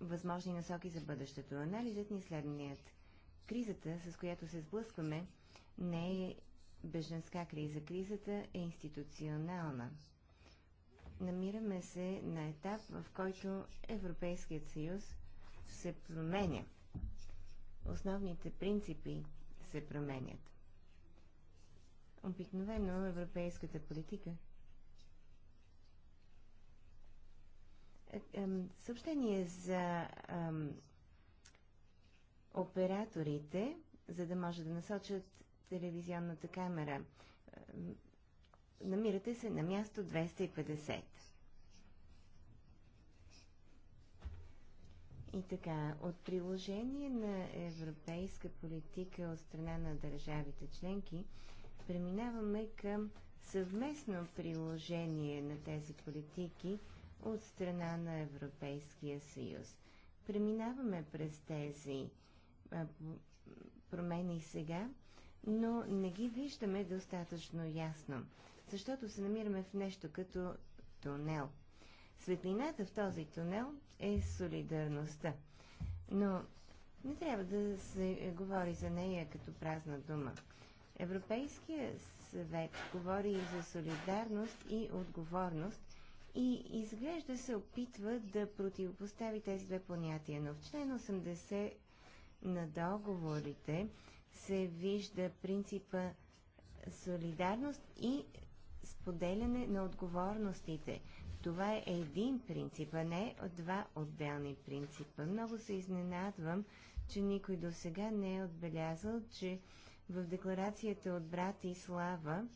възможни насоки за бъдещето. Анализът ни е следният. Кризата, с която се сблъскваме, не е беженска криза. Кризата е институционална. Намираме се на етап, в който Европейският съюз се променя. Основните принципи се променят. Обикновено европейската политика. Е, съобщение за ам, операторите, за да може да насочат телевизионната камера. Намирате се на място 250. И така, от приложение на европейска политика от страна на държавите членки, преминаваме към съвместно приложение на тези политики от страна на Европейския съюз. Преминаваме през тези а, промени сега, но не ги виждаме достатъчно ясно, защото се намираме в нещо като тунел. Светлината в този тунел е солидарността, но не трябва да се е, говори за нея като празна дума. Европейския съвет говори и за солидарност и отговорност и изглежда се опитва да противопостави тези две понятия. Но в член 80 на договорите се вижда принципа солидарност и споделяне на отговорностите. Това е един принцип, а не два отделни принципа. Много се изненадвам, че никой до сега не е отбелязал, че в декларацията от брата и слава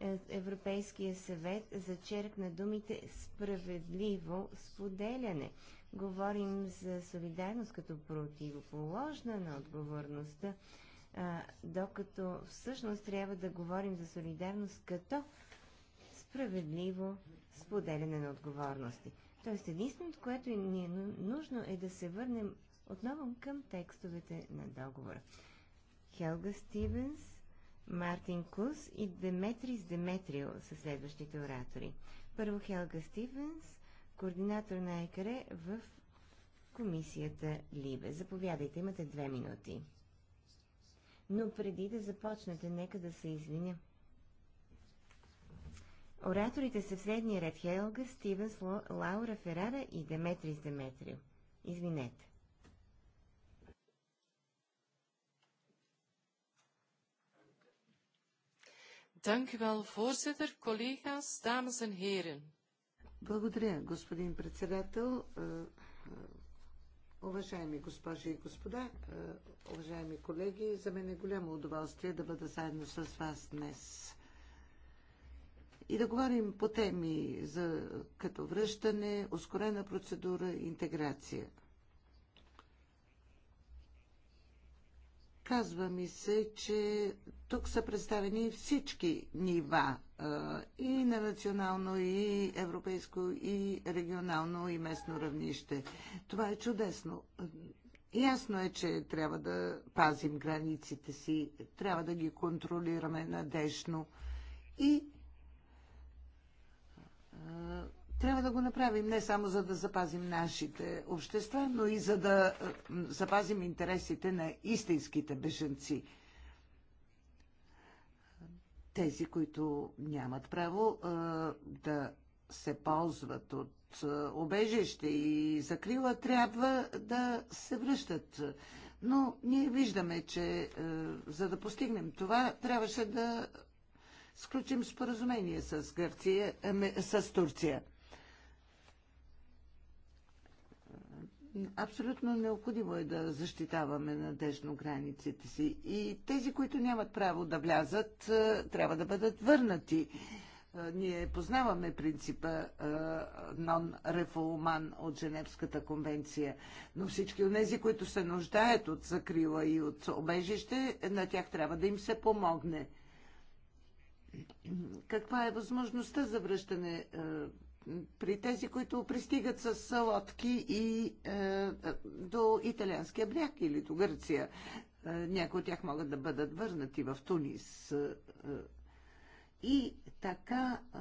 е, Европейския съвет зачеркна думите справедливо споделяне. Говорим за солидарност като противоположна на отговорността, докато всъщност трябва да говорим за солидарност като справедливо споделяне на отговорности. Тоест единственото, което ни е нужно е да се върнем отново към текстовете на договора. Хелга Стивенс, Мартин Кус и Деметрис Деметрио са следващите оратори. Първо Хелга Стивенс, координатор на ЕКРЕ в комисията Либе. Заповядайте, имате две минути. Но преди да започнете, нека да се извиня. Ораторите са в следния ред Хелга, Стивенс, Лаура Ферара и Деметрис Деметрио. Извинете. Dank u wel, voorzitter, collega's, dames en heren. Благодаря, господин председател. Е, е, уважаеми госпожи и господа, е, уважаеми колеги, за мен е голямо удоволствие да бъда заедно с вас днес и да говорим по теми за, като връщане, ускорена процедура, интеграция. Казва ми се, че тук са представени всички нива и на национално, и европейско, и регионално, и местно равнище. Това е чудесно. Ясно е, че трябва да пазим границите си, трябва да ги контролираме надежно и трябва да го направим не само за да запазим нашите общества, но и за да запазим интересите на истинските беженци. Тези, които нямат право да се ползват от обежище и закрила, трябва да се връщат. Но ние виждаме, че за да постигнем това, трябваше да сключим споразумение с Гърция, а ами, с Турция. Абсолютно необходимо е да защитаваме надежно границите си. И тези, които нямат право да влязат, е, трябва да бъдат върнати. Е, ние познаваме принципа нон е, refoulement от Женевската конвенция, но всички от тези, които се нуждаят от закрила и от обежище, на тях трябва да им се помогне. Каква е възможността за връщане при тези, които пристигат с лодки и е, до италианския бряг или до Гърция. Е, някои от тях могат да бъдат върнати в Тунис. Е, и така е,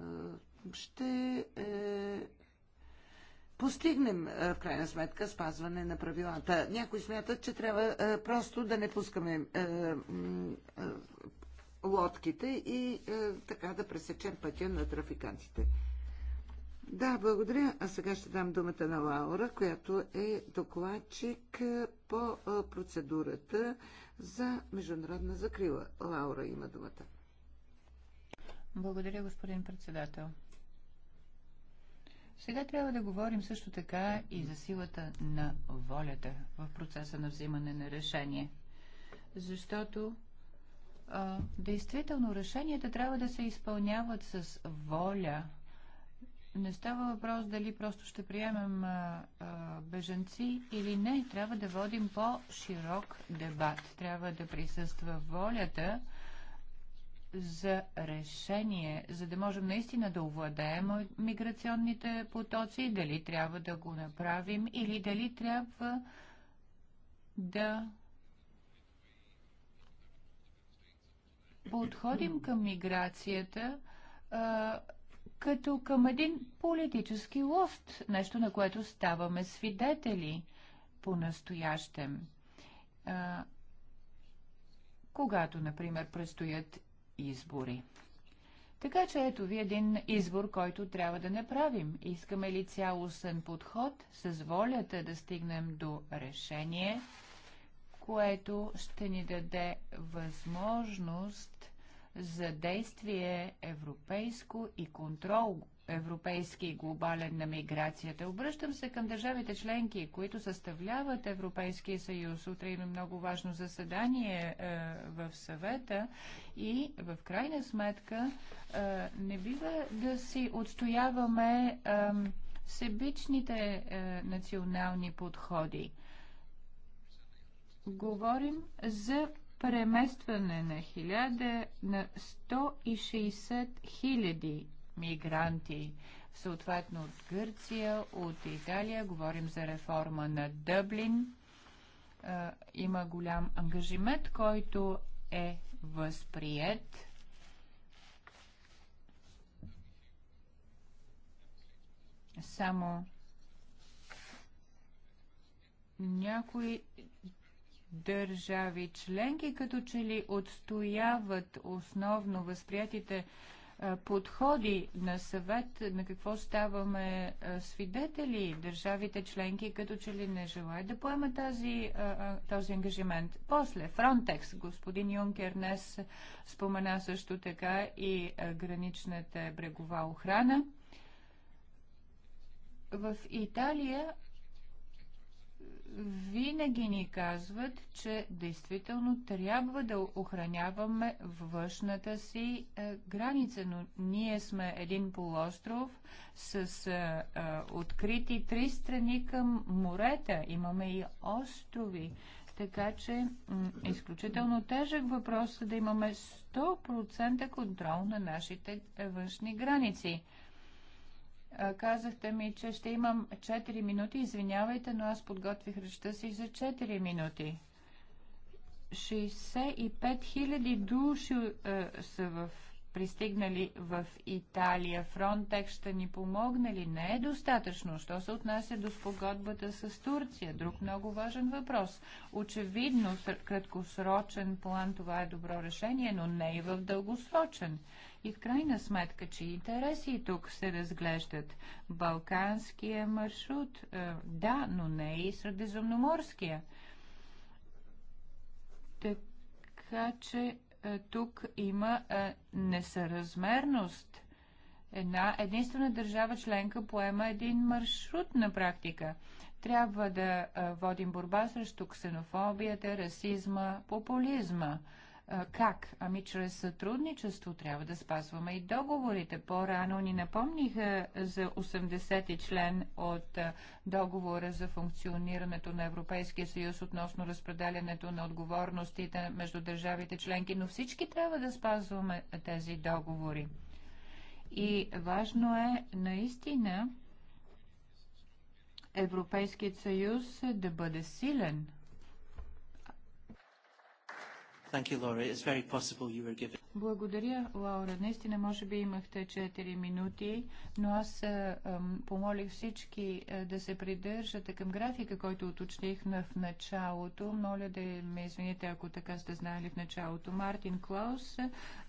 е, ще е, постигнем е, в крайна сметка спазване на правилата. Някои смятат, че трябва е, просто да не пускаме е, лодките и е, така да пресечем пътя на трафикантите. Да, благодаря. А сега ще дам думата на Лаура, която е докладчик е, по е, процедурата за международна закрила. Лаура има думата. Благодаря, господин председател. Сега трябва да говорим също така и за силата на волята в процеса на взимане на решение. Защото а, действително решенията трябва да се изпълняват с воля. Не става въпрос дали просто ще приемем а, а, бежанци или не. Трябва да водим по-широк дебат. Трябва да присъства волята за решение, за да можем наистина да овладеем миграционните потоци, дали трябва да го направим или дали трябва да подходим към миграцията а, като към един политически лофт, нещо на което ставаме свидетели по-настоящем. когато, например, предстоят избори. Така че ето ви един избор, който трябва да направим. Искаме ли цялостен подход с волята да стигнем до решение – което ще ни даде възможност за действие европейско и контрол европейски и глобален на миграцията. Обръщам се към държавите членки, които съставляват Европейския съюз. Утре има много важно заседание е, в съвета и в крайна сметка е, не бива да си отстояваме е, себичните национални подходи говорим за преместване на 1000 на 160 хиляди мигранти, съответно от Гърция, от Италия. Говорим за реформа на Дъблин. Има голям ангажимент, който е възприят. Само някои държави членки, като че ли отстояват основно възприятите е, подходи на съвет, на какво ставаме е, свидетели държавите членки, като че ли не желаят да поемат този, е, този ангажимент. После Фронтекс, господин Юнкер днес спомена също така и граничната брегова охрана. В Италия винаги ни казват, че действително трябва да охраняваме външната си е, граница, но ние сме един полуостров с а, е, а, е, открити три страни към морета. Имаме и острови. Така че изключително тежък въпрос е да имаме 100% контрол на нашите външни граници. Казахте ми, че ще имам 4 минути. Извинявайте, но аз подготвих речта си за 4 минути. 65 000 души е, са в пристигнали в Италия. Фронтекс ще ни помогне ли? Не е достатъчно. Що се отнася до спогодбата с Турция? Друг много важен въпрос. Очевидно, краткосрочен план това е добро решение, но не и в дългосрочен. И в крайна сметка, че интереси тук се разглеждат. Балканския маршрут, е, да, но не и средиземноморския. Така че е, тук има е, несъразмерност. Една единствена държава членка поема един маршрут на практика. Трябва да е, водим борба срещу ксенофобията, расизма, популизма. Как? Ами чрез сътрудничество трябва да спазваме и договорите. По-рано ни напомниха за 80-ти член от договора за функционирането на Европейския съюз относно разпределянето на отговорностите между държавите членки, но всички трябва да спазваме тези договори. И важно е наистина Европейският съюз да бъде силен – Thank you, Laura. It's very possible you were given... Благодаря, Лаура. Наистина, може би имахте 4 минути, но аз помолих всички да се придържате към графика, който уточних в началото. Моля да ме извините, ако така сте знаели в началото. Мартин Клаус,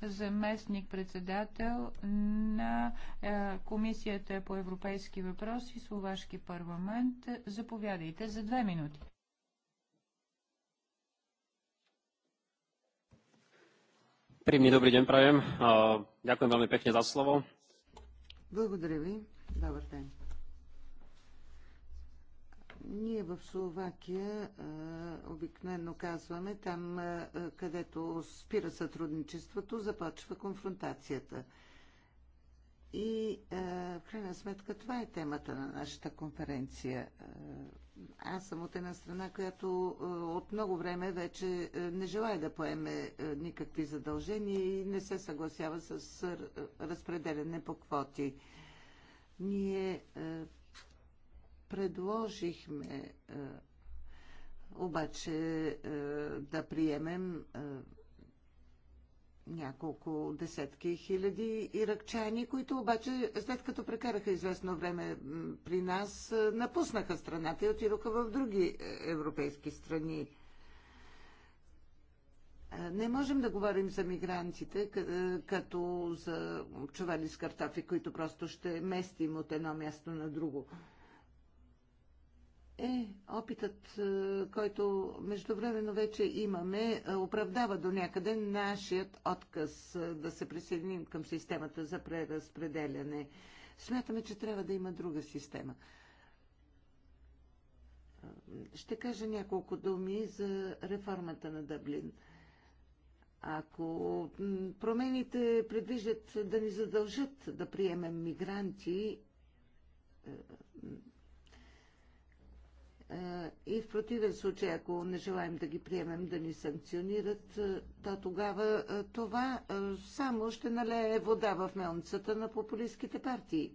заместник-председател на Комисията по европейски въпроси, Словашки парламент. Заповядайте за 2 минути. Príjemný dobrý deň prajem. Ďakujem veľmi pekne za slovo. Благодаря ви. Добър ден. Ние в Словакия обикновено казваме, там където спира сътрудничеството, започва конфронтацията. И в крайна сметка това е темата на нашата конференция аз съм от една страна, която е, от много време вече е, не желая да поеме е, никакви задължения и не се съгласява с разпределене по квоти. Ние предложихме обаче да приемем няколко десетки хиляди иракчани, които обаче, след като прекараха известно време при нас, е, напуснаха страната и отидоха в други е, европейски страни. Е, не можем да говорим за мигрантите, като за чували с картофи, които просто ще местим от едно място на друго е опитът, е, който междувременно вече имаме, е, оправдава до някъде нашият отказ е, да се присъединим към системата за преразпределяне. Смятаме, че трябва да има друга система. Ще кажа няколко думи за реформата на Дъблин. Ако промените предвиждат да ни задължат да приемем мигранти, е, и в противен случай, ако не желаем да ги приемем да ни санкционират, е, то тогава е, това само ще налее вода в мелницата на популистските партии.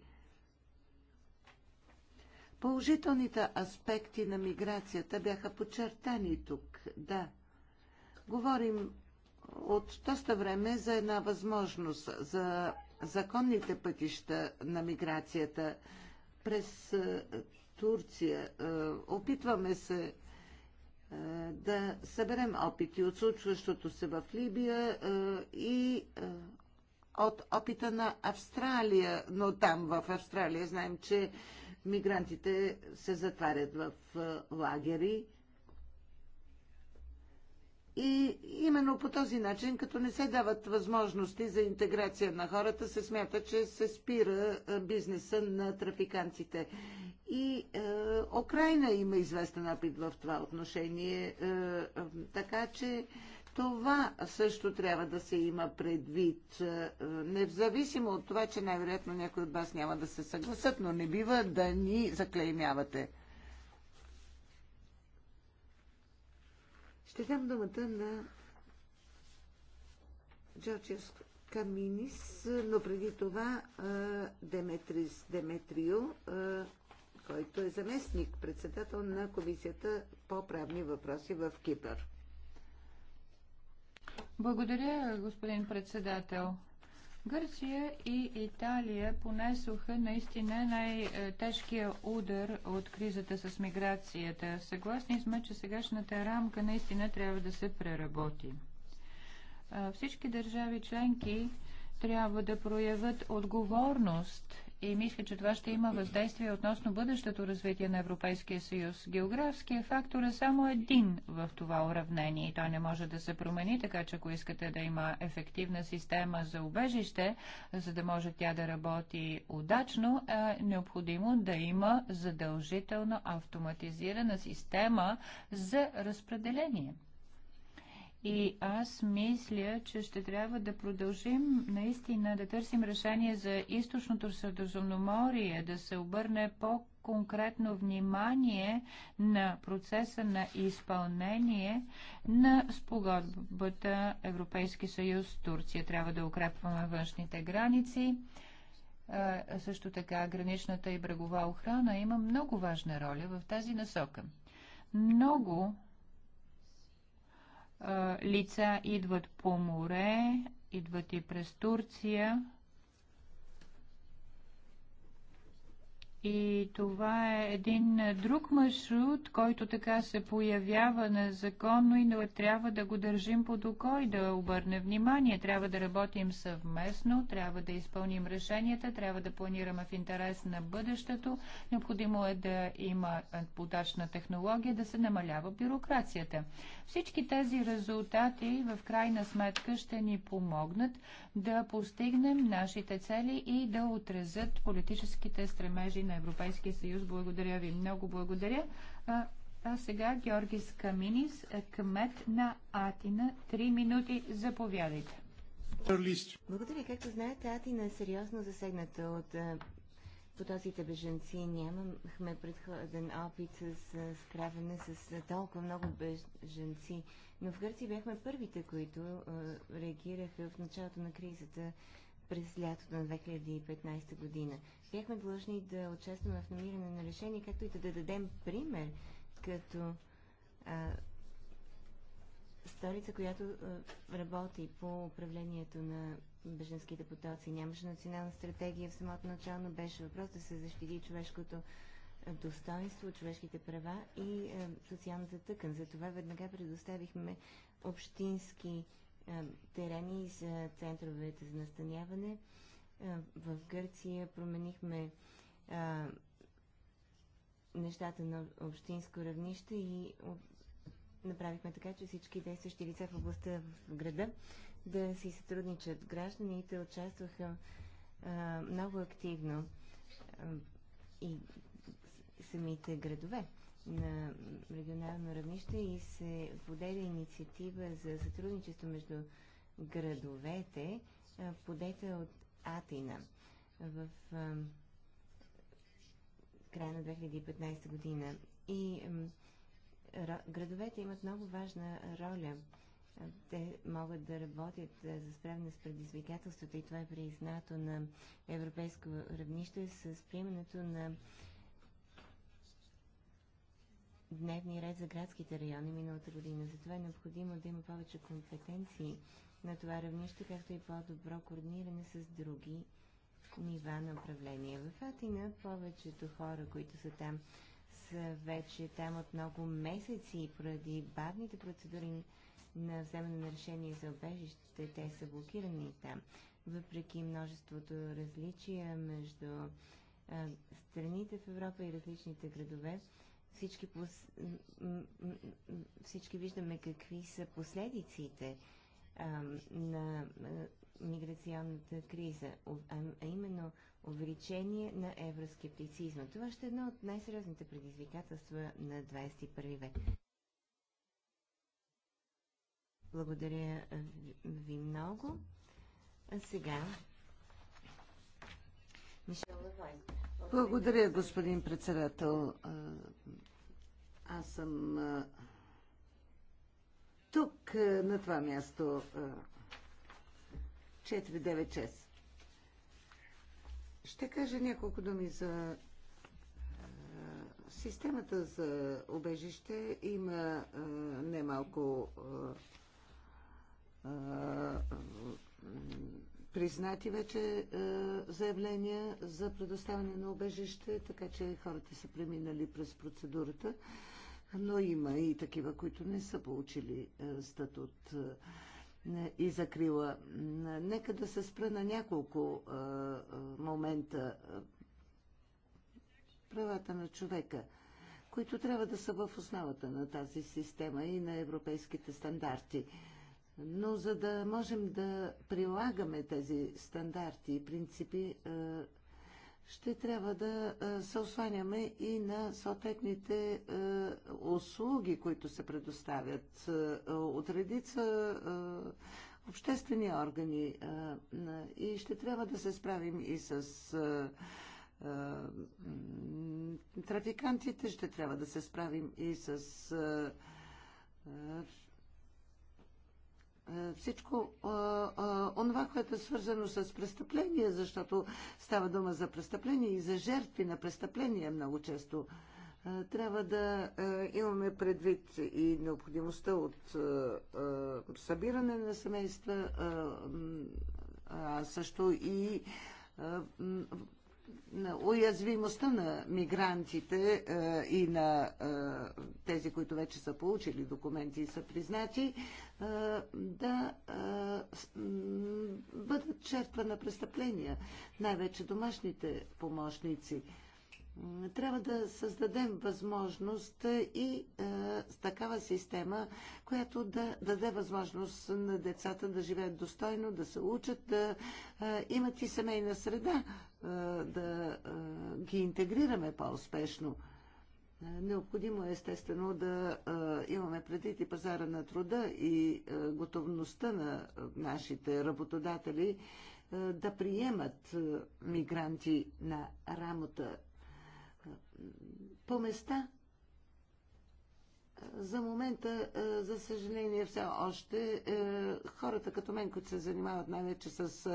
Положителните аспекти на миграцията бяха подчертани тук. Да, говорим от доста време за една възможност за законните пътища на миграцията. През Турция. Е, опитваме се е, да съберем опити от случващото се в Либия е, и от опита на Австралия, но там в Австралия знаем, че мигрантите се затварят в лагери. И именно по този начин, като не се дават възможности за интеграция на хората, се смята, че се спира бизнеса на трафикантите. И е, Украина има известен опит в това отношение, е, е, така че това също трябва да се има предвид. Е, е, независимо от това, че най-вероятно някои от вас няма да се съгласат, но не бива да ни заклеймявате. Ще дам думата на Джорджиас Каминис, но преди това е, Деметрис Деметрио. Е, който е заместник председател на Комисията по правни въпроси в Кипър. Благодаря, господин председател. Гърция и Италия понесоха наистина най-тежкия удар от кризата с миграцията. Съгласни сме, че сегашната рамка наистина трябва да се преработи. Всички държави членки трябва да проявят отговорност и мисля, че това ще има въздействие относно бъдещето развитие на Европейския съюз. Географският фактор е само един в това уравнение и той не може да се промени, така че ако искате да има ефективна система за убежище, за да може тя да работи удачно, е необходимо да има задължително автоматизирана система за разпределение. И аз мисля, че ще трябва да продължим наистина да търсим решение за източното средоземноморие, да се обърне по-конкретно внимание на процеса на изпълнение на спогодбата Европейски съюз Турция. Трябва да укрепваме външните граници. Също така граничната и брегова охрана има много важна роля в тази насока. Много лица идват по море, идват и през Турция И това е един друг маршрут, който така се появява незаконно и но трябва да го държим под око и да обърне внимание. Трябва да работим съвместно, трябва да изпълним решенията, трябва да планираме в интерес на бъдещето. Необходимо е да има подачна технология, да се намалява бюрокрацията. Всички тези резултати в крайна сметка ще ни помогнат да постигнем нашите цели и да отрезат политическите стремежи на на Европейския съюз. Благодаря ви. Много благодаря. А, а сега Георги Скаминис, е, кмет на Атина. Три минути. Заповядайте. Благодаря. Както знаете, Атина е сериозно засегната от потоците беженци. Нямахме предходен опит с справяне с толкова много беженци. Но в Гърция бяхме първите, които реагираха в началото на кризата през лятото на 2015 година бяхме длъжни да участваме в намиране на решение, както и да дадем пример като а, столица, която а, работи по управлението на беженските потоци. Нямаше национална стратегия в самото начало, беше въпрос да се защити човешкото достоинство, човешките права и а, социалната тъкан. Затова веднага предоставихме общински а, терени за центровете за настаняване в Гърция променихме а, нещата на общинско равнище и направихме така, че всички действащи лица в областта в града да си сътрудничат. Гражданите участваха а, много активно а, и самите градове на регионално равнище и се поделя инициатива за сътрудничество между градовете, подета от Атина. В а, края на 2015 година. И а, градовете имат много важна роля. Те могат да работят за справяне с предизвикателствата и това е признато на европейско равнище с приемането на дневни ред за градските райони миналата година. Затова е необходимо да има повече компетенции на това равнище, както и по-добро координиране с други нива на управление. В Атина повечето хора, които са там, са вече там от много месеци поради бавните процедури на вземане на решение за обежище. Те са блокирани там. Въпреки множеството различия между а, страните в Европа и различните градове, всички, пос... всички виждаме какви са последиците а, на миграционната криза, а именно увеличение на евроскептицизма. Това ще е едно от най-сериозните предизвикателства на 21 век. Благодаря ви много. А сега Мишел Лавой. Благодаря, господин председател. Аз съм тук е, на това място 496. Е, Ще кажа няколко думи за е, системата за обежище. Има немалко признати вече заявления за предоставяне на обежище, така че хората са преминали през процедурата но има и такива, които не са получили е, статут е, и закрила. Нека да се спра на няколко е, момента. Правата на човека, които трябва да са в основата на тази система и на европейските стандарти. Но за да можем да прилагаме тези стандарти и принципи, ще трябва да е, се осланяме и на съответните е, услуги, които се предоставят е, от редица обществени органи и ще трябва да се справим и с трафикантите, ще трябва да се справим и с е, всичко е, е, онова, което е свързано с престъпление, защото става дума за престъпление и за жертви на престъпление много често. трябва да имаме предвид и необходимостта от събиране на семейства, а, също и уязвимостта на мигрантите е, и на е, тези, които вече са получили документи и са признати, е, да бъдат жертва на престъпления, най-вече домашните помощници. Трябва да създадем възможност и е, с такава система, която да даде възможност на децата да живеят достойно, да се учат, да е, имат и семейна среда, е, да е, ги интегрираме по-успешно. Е, необходимо е естествено да е, имаме предвид и пазара на труда и е, готовността на нашите работодатели да приемат мигранти на работа по места. За момента, е, за съжаление, все още е, хората като мен, които се занимават най-вече с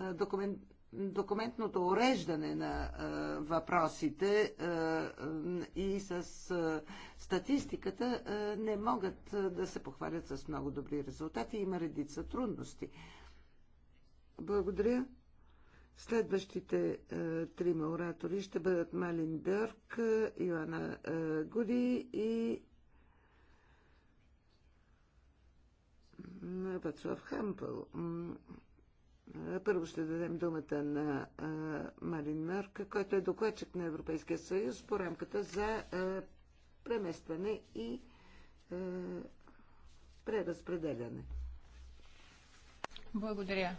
е, документ, документното уреждане на въпросите и с статистиката не могат да се похвалят с много добри резултати. Има редица трудности. Благодаря. Следващите е, трима оратори ще бъдат Малин Дърк, е, Йоанна е, Гуди и Вацлав Хампъл. Първо ще дадем думата на е, Малин Мърк, който е докладчик на Европейския съюз по рамката за е, преместване и е, преразпределяне. Благодаря,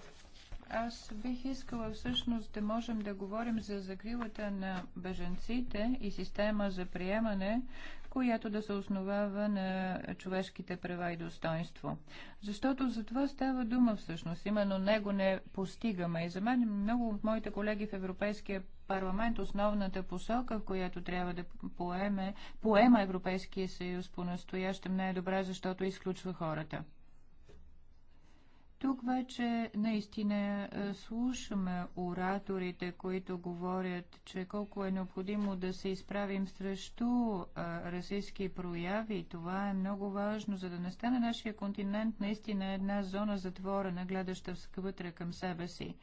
аз бих искала всъщност да можем да говорим за закрилата на беженците и система за приемане, която да се основава на човешките права и достоинство. Защото за това става дума всъщност. Именно него не постигаме. И за мен много от моите колеги в Европейския парламент основната посока, в която трябва да поеме, поема Европейския съюз по настоящем не е добра, защото изключва хората. Тук вече наистина е, слушаме ораторите, които говорят, че колко е необходимо да се изправим срещу е, расистски прояви. Това е много важно, за да не стане нашия континент наистина една зона затворена, гледаща вътре към себе си.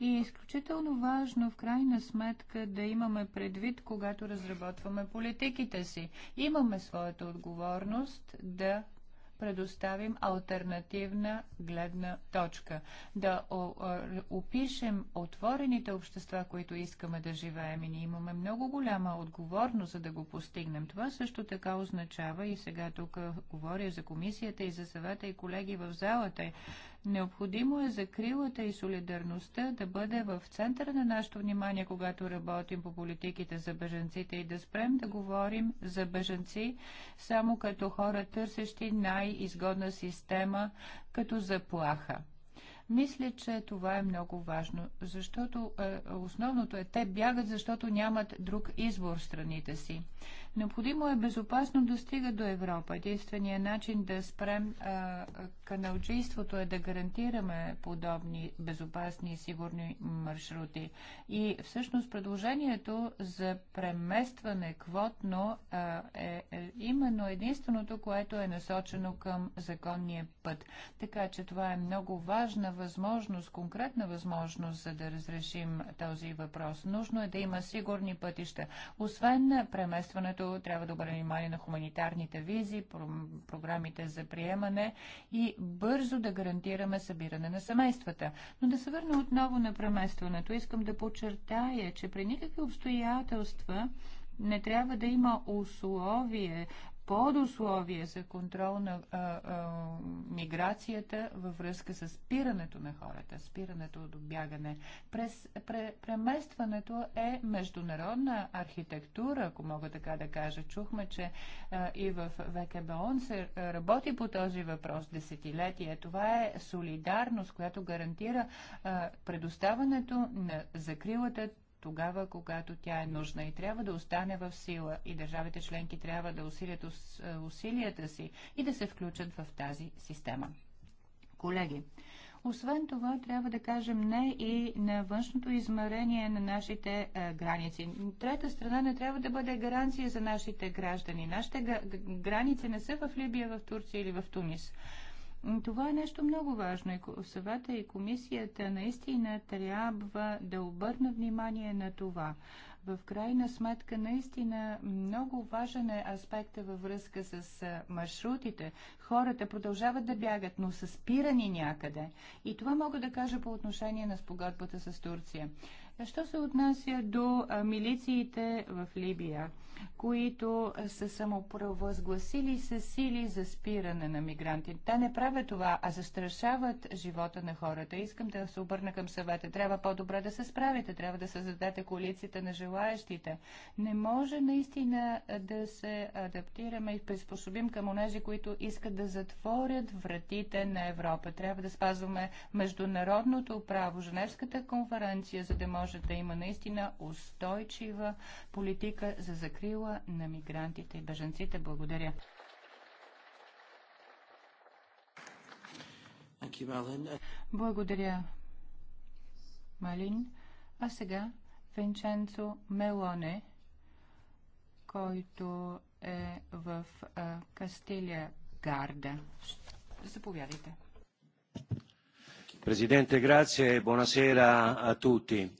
И е изключително важно в крайна сметка да имаме предвид, когато разработваме политиките си. Имаме своята отговорност да предоставим альтернативна гледна точка, да опишем отворените общества, които искаме да живеем и ние имаме много голяма отговорност, за да го постигнем. Това също така означава и сега тук говоря за комисията и за съвета и колеги в залата, Необходимо е закрилата и солидарността да бъде в центъра на нашето внимание, когато работим по политиките за бежанците и да спрем да говорим за бежанци само като хора, търсещи най-изгодна система, като заплаха. Мисля, че това е много важно, защото е, основното е, те бягат, защото нямат друг избор в страните си. Необходимо е безопасно да стига до Европа. Единственият начин да спрем а, каналджийството е да гарантираме подобни безопасни и сигурни маршрути. И всъщност предложението за преместване квотно а, е, е именно единственото, което е насочено към законния път. Така че това е много важна възможност, конкретна възможност, за да разрешим този въпрос. Нужно е да има сигурни пътища. Освен преместването който трябва да обърнем внимание на хуманитарните визи, програмите за приемане и бързо да гарантираме събиране на семействата. Но да се върна отново на преместването. Искам да подчертая, че при никакви обстоятелства не трябва да има условие подусловие за контрол на а, а, миграцията във връзка с спирането на хората, спирането от бягане. През, пре, преместването е международна архитектура, ако мога така да кажа. Чухме, че а, и в ВКБОН се работи по този въпрос десетилетие. Това е солидарност, която гарантира а, предоставането на закрилата тогава, когато тя е нужна и трябва да остане в сила и държавите членки трябва да усилят е, усилията си и да се включат в тази система. Колеги, освен това, трябва да кажем не и на външното измерение на нашите е, граници. Трета страна не трябва да бъде гаранция за нашите граждани. Нашите граници не са в Либия, в Турция или в Тунис. Това е нещо много важно. И съвета и комисията наистина трябва да обърна внимание на това. В крайна сметка, наистина много важен е аспекта във връзка с маршрутите. Хората продължават да бягат, но са спирани някъде. И това мога да кажа по отношение на спогодбата с Турция. Що се отнася до милициите в Либия, които са самопровъзгласили се сили за спиране на мигранти. Те не правят това, а застрашават живота на хората. Искам да се обърна към съвета. Трябва по-добре да се справите, трябва да създадете коалицията на желаящите. Не може наистина да се адаптираме и приспособим към онези, които искат да затворят вратите на Европа. Трябва да спазваме международното право, Женевската конференция, за да може може да има наистина устойчива политика за закрила на мигрантите и беженците. Благодаря. Uh, Благодаря, Малин. А сега Венченцо Мелоне, който е в а, Кастилия Гарда. Заповядайте. Президенте, грация. Бонасера а тути.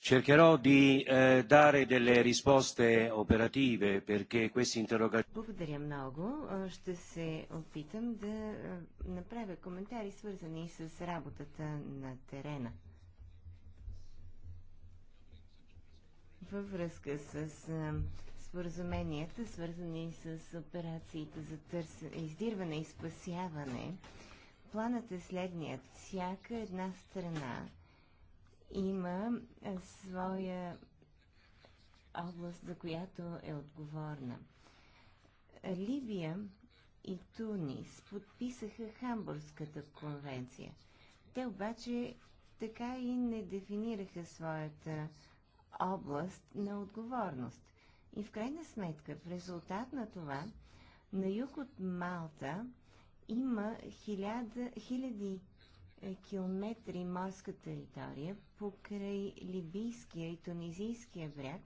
Cercherò di eh, dare delle risposte operative perché questi interrogativi... Благодаря много. Е, ще се опитам да е, направя коментари свързани с работата на терена. Във връзка с е, споразуменията, свързани с операциите за търсене, издирване и спасяване, планът е следният. Всяка една страна има е, своя област, за която е отговорна. Либия и Тунис подписаха Хамбургската конвенция. Те обаче така и не дефинираха своята област на отговорност. И в крайна сметка, в резултат на това, на юг от Малта има хиляда, хиляди е, километри морска територия, покрай либийския и тунизийския бряг,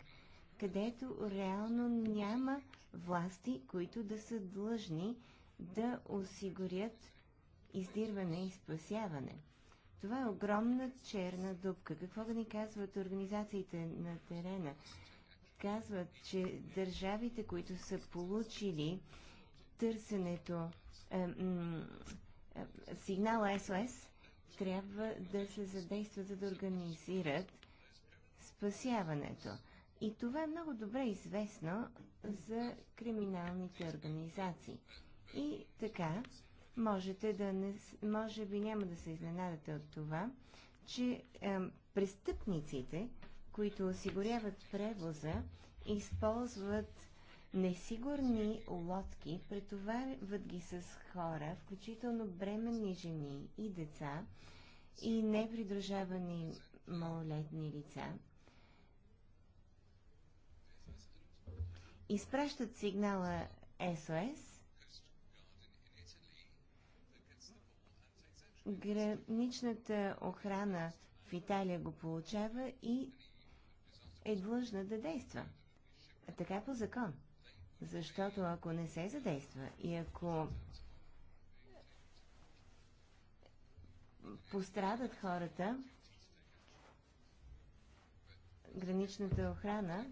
където реално няма власти, които да са длъжни да осигурят издирване и спасяване. Това е огромна черна дупка. Какво да ни казват организациите на терена? Казват, че държавите, които са получили търсенето, е, е, сигнала СОС, трябва да се задействат, за да организират спасяването. И това е много добре известно за криминалните организации. И така, можете да не, може би няма да се изненадате от това, че е, престъпниците, които осигуряват превоза, използват Несигурни лодки претоварват ги с хора, включително бременни жени и деца и непридружавани малолетни лица. Изпращат сигнала СОС граничната охрана в Италия го получава и е длъжна да действа. така по закон. Защото ако не се задейства и ако пострадат хората, граничната охрана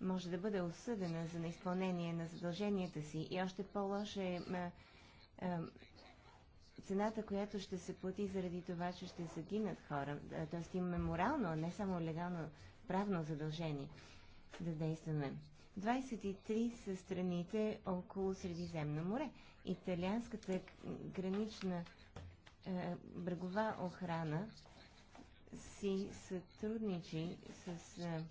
може да бъде осъдена за неизпълнение на задълженията си. И още по-лоша е а, е, цената, която ще се плати заради това, че ще загинат хора. Е, тоест имаме морално, а не само легално, правно задължение да действаме. 23 са страните около Средиземно море. Италианската гранична е, брегова охрана си сътрудничи с е,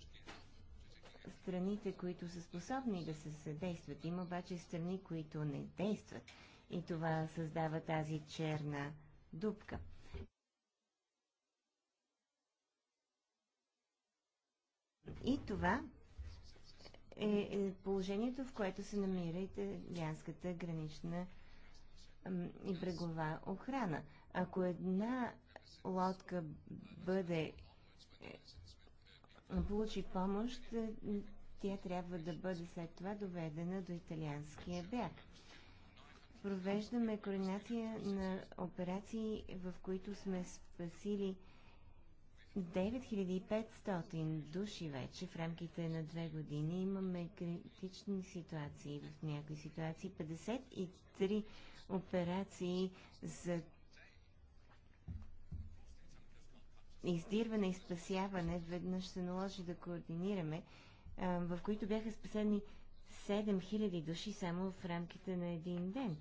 страните, които са способни да се съдействат. Има обаче страни, които не действат. И това създава тази черна дупка. И това е, е положението, в което се намира италианската гранична и брегова охрана. Ако една лодка бъде е, получи помощ, е, тя трябва да бъде след това доведена до италианския бряг. Провеждаме координация на операции, в които сме спасили 9500 души вече в рамките на две години имаме критични ситуации. В някои ситуации 53 операции за издирване и спасяване веднъж се наложи да координираме, в които бяха спасени 7000 души само в рамките на един ден.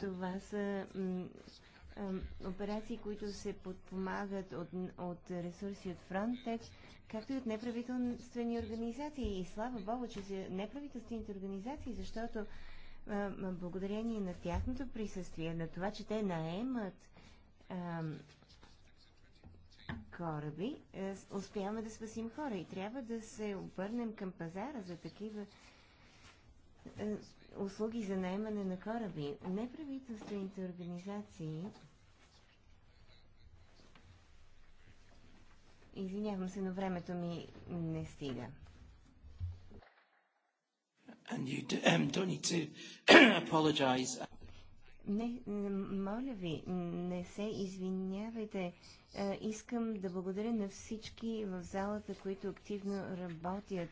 Това са операции, които се подпомагат от, от ресурси от Frontex, както и от неправителствени организации. И слава Богу, че са неправителствените организации, защото а, благодарение на тяхното присъствие, на това, че те наемат а, кораби, а, е, успяваме да спасим хора. И трябва да се обърнем към пазара за такива е, услуги за наемане на кораби. Неправителствените организации Извинявам се, но времето ми не стига. And you um, don't need to apologize. Не, моля ви, не се извинявайте. Е, искам да благодаря на всички в залата, които активно работят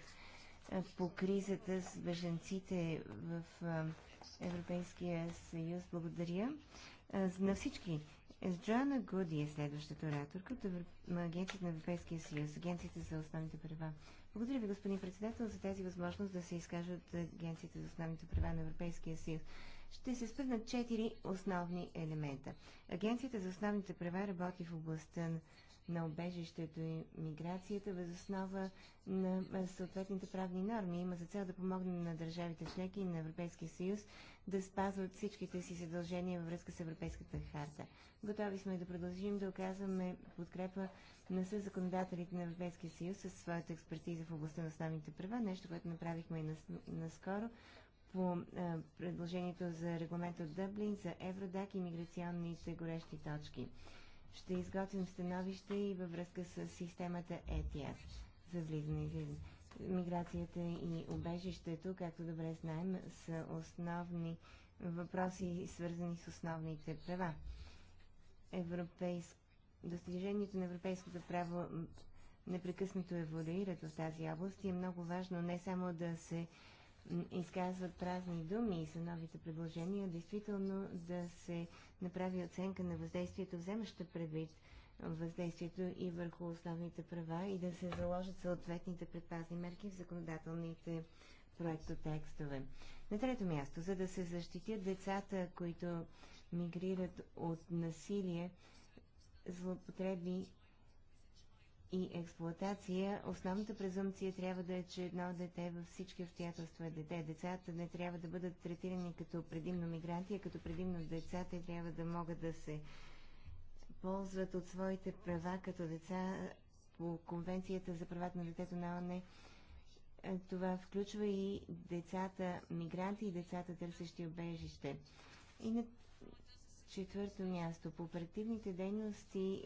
е, по кризата с беженците в е, Европейския съюз. Благодаря е, на всички. Джоана Гуди е следващата ораторка от Агенцията на Европейския съюз, Агенцията за основните права. Благодаря ви, господин председател, за тази възможност да се изкажа от Агенцията за основните права на Европейския съюз. Ще се спът четири основни елемента. Агенцията за основните права работи в областта на на обежището и миграцията възоснова на съответните правни норми. Има за цел да помогне на държавите членки и на Европейския съюз да спазват всичките си задължения във връзка с Европейската харта. Готови сме да продължим да оказваме подкрепа на съзаконодателите на Европейския съюз със своята експертиза в областта на основните права, нещо, което направихме и наскоро по предложението за регламент от Дъблин за Евродак и миграционните горещи точки ще изготвим становище и във връзка с системата ETIAS е за влизане и излизане. Миграцията и убежището, както добре знаем, са основни въпроси, свързани с основните права. Европейск... Достижението на европейското право непрекъснато еволюират в тази област и е много важно не само да се изказват празни думи и са новите предложения, а действително да се направи оценка на въздействието, вземаща предвид въздействието и върху основните права и да се заложат съответните предпазни мерки в законодателните проектотекстове. На трето място, за да се защитят децата, които мигрират от насилие, злопотреби и експлоатация, основната презумпция трябва да е, че едно дете във всички обстоятелства е дете. Децата не трябва да бъдат третирани като предимно мигранти, а като предимно децата трябва да могат да се ползват от своите права като деца по Конвенцията за правата на детето на ОНЕ. Това включва и децата мигранти и децата търсещи обежище. И на четвърто място, по оперативните дейности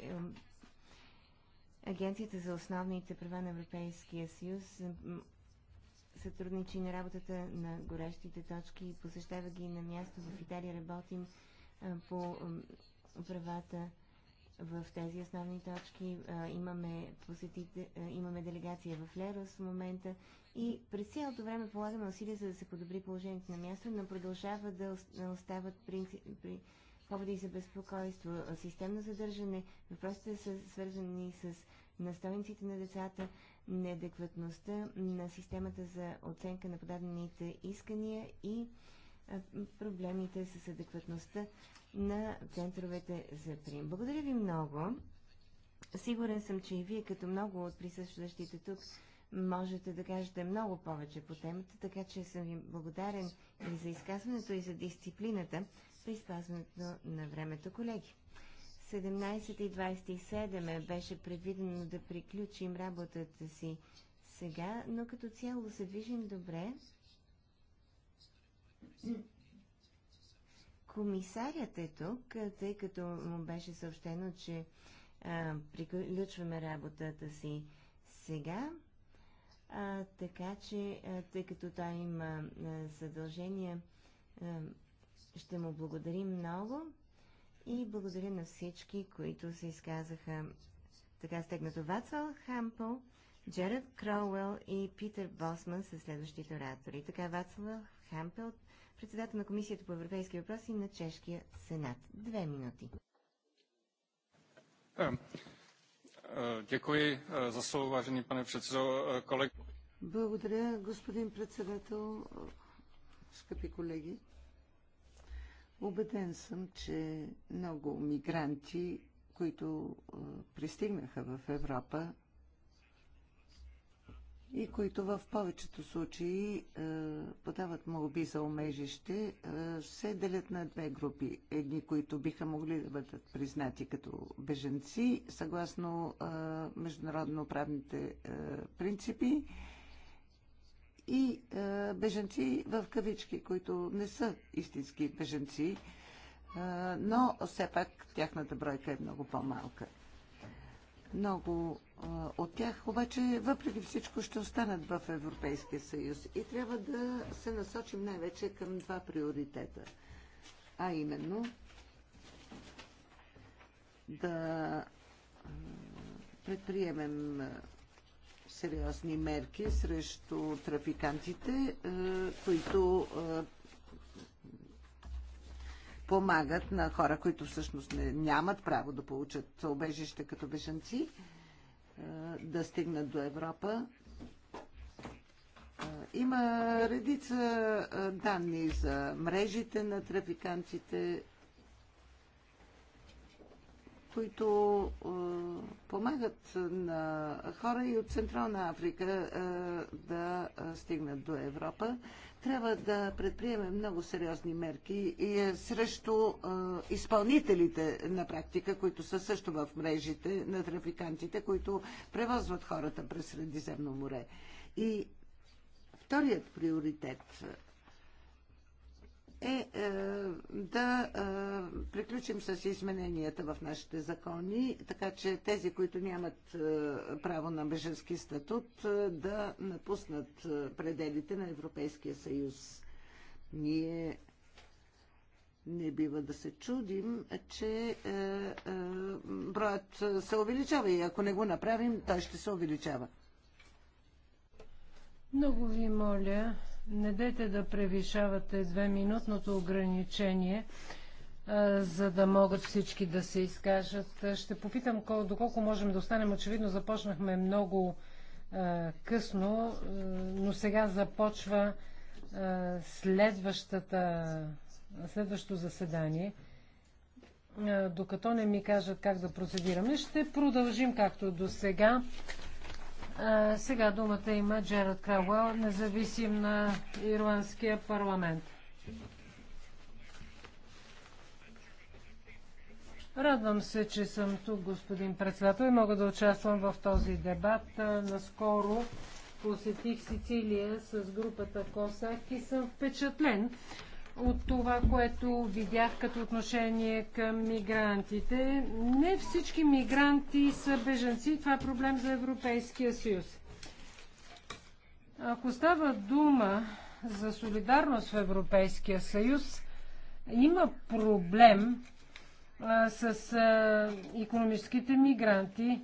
Агенцията за основните права на Европейския съюз сътрудничи на работата на горещите точки и посещава ги на място. В Италия работим по правата в тези основни точки. Имаме, посетите, имаме делегация в Лерос в момента и през цялото време полагаме усилия за да се подобри положението на място, но продължава да остават принцип, при, поводи за безпокойство, системно задържане, въпросите са свързани с настойниците на децата, неадекватността на системата за оценка на подадените искания и проблемите с адекватността на центровете за прием. Благодаря ви много. Сигурен съм, че и вие, като много от присъстващите тук, можете да кажете много повече по темата, така че съм ви благодарен и за изказването, и за дисциплината, при спазването на времето, колеги. 17.27 е, беше предвидено да приключим работата си сега, но като цяло се движим добре. Комисарят е тук, тъй като му беше съобщено, че а, приключваме работата си сега. А, така че, а, тъй като той има а, задължения, а, ще му благодарим много и благодаря на всички, които се изказаха така стегнато Вацал Хампъл, Джеред Кроуел и Питер Босман са следващите оратори. Така Вацал Хампел, председател на Комисията по европейски въпроси на Чешкия Сенат. Две минути. Е, е, дякую е, за слово, важени пане председател, колег. Благодаря, господин председател, скъпи колеги. Обеден съм, че много мигранти, които пристигнаха в Европа и които в повечето случаи подават молби за умежище, се делят на две групи. Едни, които биха могли да бъдат признати като беженци, съгласно международно правните принципи, и е, беженци в кавички, които не са истински беженци, е, но все пак тяхната бройка е много по-малка. Много е, от тях обаче, въпреки всичко, ще останат в Европейския съюз и трябва да се насочим най-вече към два приоритета. А именно да предприемем сериозни мерки срещу трафикантите, е, които е, помагат на хора, които всъщност не, нямат право да получат обежище като бежанци, е, да стигнат до Европа. Има редица данни за мрежите на трафикантите, които а, помагат на хора и от Централна Африка а, да стигнат до Европа. Трябва да предприемем много сериозни мерки и е, срещу а, изпълнителите на практика, които са също в мрежите на трафикантите, които превозват хората през Средиземно море. И вторият приоритет е, е да е, приключим с измененията в нашите закони, така че тези, които нямат е, право на беженски статут, е, да напуснат е, пределите на Европейския съюз. Ние не бива да се чудим, че е, е, броят се увеличава и ако не го направим, той ще се увеличава. Много ви моля не дайте да превишавате двеминутното ограничение, за да могат всички да се изкажат. Ще попитам доколко можем да останем. Очевидно започнахме много късно, но сега започва следващата, следващото заседание. Докато не ми кажат как да процедираме, ще продължим както до сега сега думата има Джерард Крауел, независим на Ирландския парламент. Радвам се, че съм тук, господин председател, и мога да участвам в този дебат. Наскоро посетих Сицилия с групата Косак и съм впечатлен от това, което видях като отношение към мигрантите. Не всички мигранти са беженци. Това е проблем за Европейския съюз. Ако става дума за солидарност в Европейския съюз, има проблем а, с а, економическите мигранти.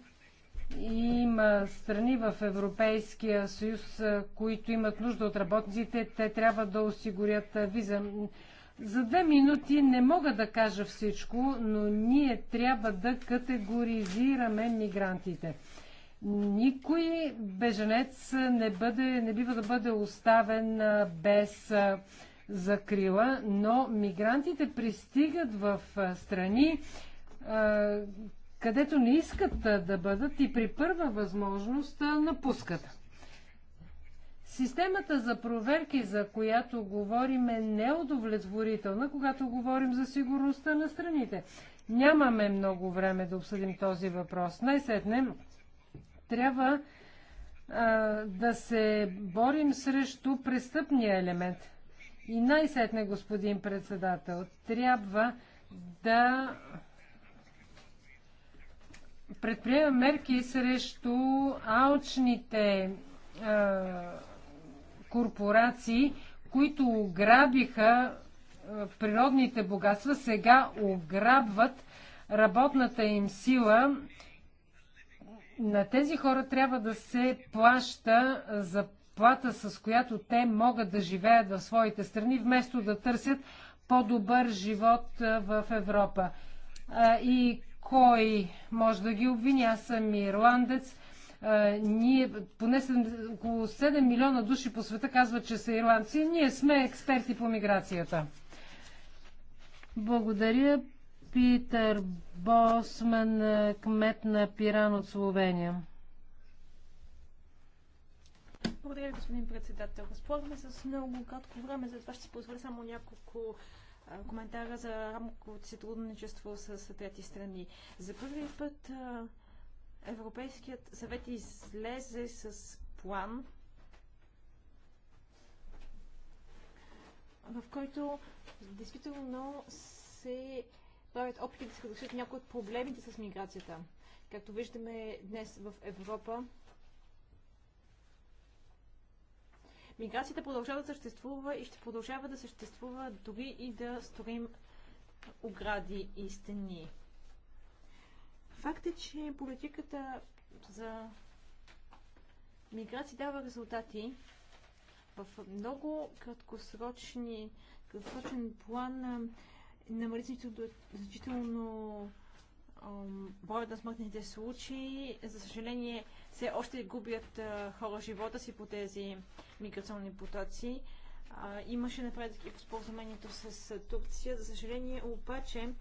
Има страни в Европейския съюз, които имат нужда от работниците. Те трябва да осигурят виза. За две минути не мога да кажа всичко, но ние трябва да категоризираме мигрантите. Никой беженец не, бъде, не бива да бъде оставен без закрила, но мигрантите пристигат в страни, където не искат да бъдат и при първа възможност напускат. Системата за проверки, за която говорим, е неудовлетворителна, когато говорим за сигурността на страните. Нямаме много време да обсъдим този въпрос. Най-сетне трябва а, да се борим срещу престъпния елемент. И най-сетне, господин председател, трябва да предприема мерки срещу алчните а, корпорации, които ограбиха природните богатства, сега ограбват работната им сила. На тези хора трябва да се плаща за плата, с която те могат да живеят в своите страни, вместо да търсят по-добър живот в Европа. И кой може да ги обвини. Аз съм ирландец. А, ние, поне 7, около 7 милиона души по света казват, че са ирландци. Ние сме експерти по миграцията. Благодаря. Питър Босман, кмет на Пиран от Словения. Благодаря, господин председател. Разполагаме с много кратко време, затова ще си позволя само няколко коментара за рамковото сътрудничество с трети страни. За първи път Европейският съвет излезе с план, в който действително се правят опити да се решат някои от проблемите с миграцията. Както виждаме днес в Европа, миграцията продължава да съществува и ще продължава да съществува дори и да строим огради и стени. Факт е, че политиката за миграция дава резултати в много краткосрочни, краткосрочен план намали значително броят на смъртните случаи. За съжаление, все още губят хора живота си по тези миграционни потоци. Имаше напредък и по споразумението с Турция. За съжаление, обаче,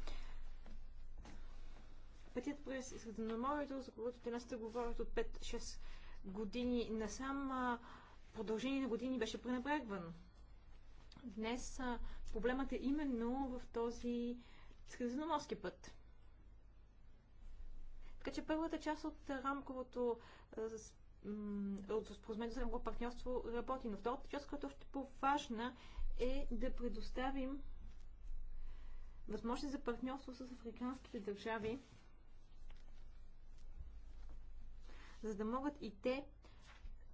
пътят през Средиземноморието, за който те насте говорят от 5-6 години насам, продължение на години беше пренебрегван. Днес проблемът е именно в този средиземноморски път. Така че първата част от рамковото от споразумението за рамково партньорство работи, но втората част, която е още по-важна, е да предоставим възможност за партньорство с африканските държави, за да могат и те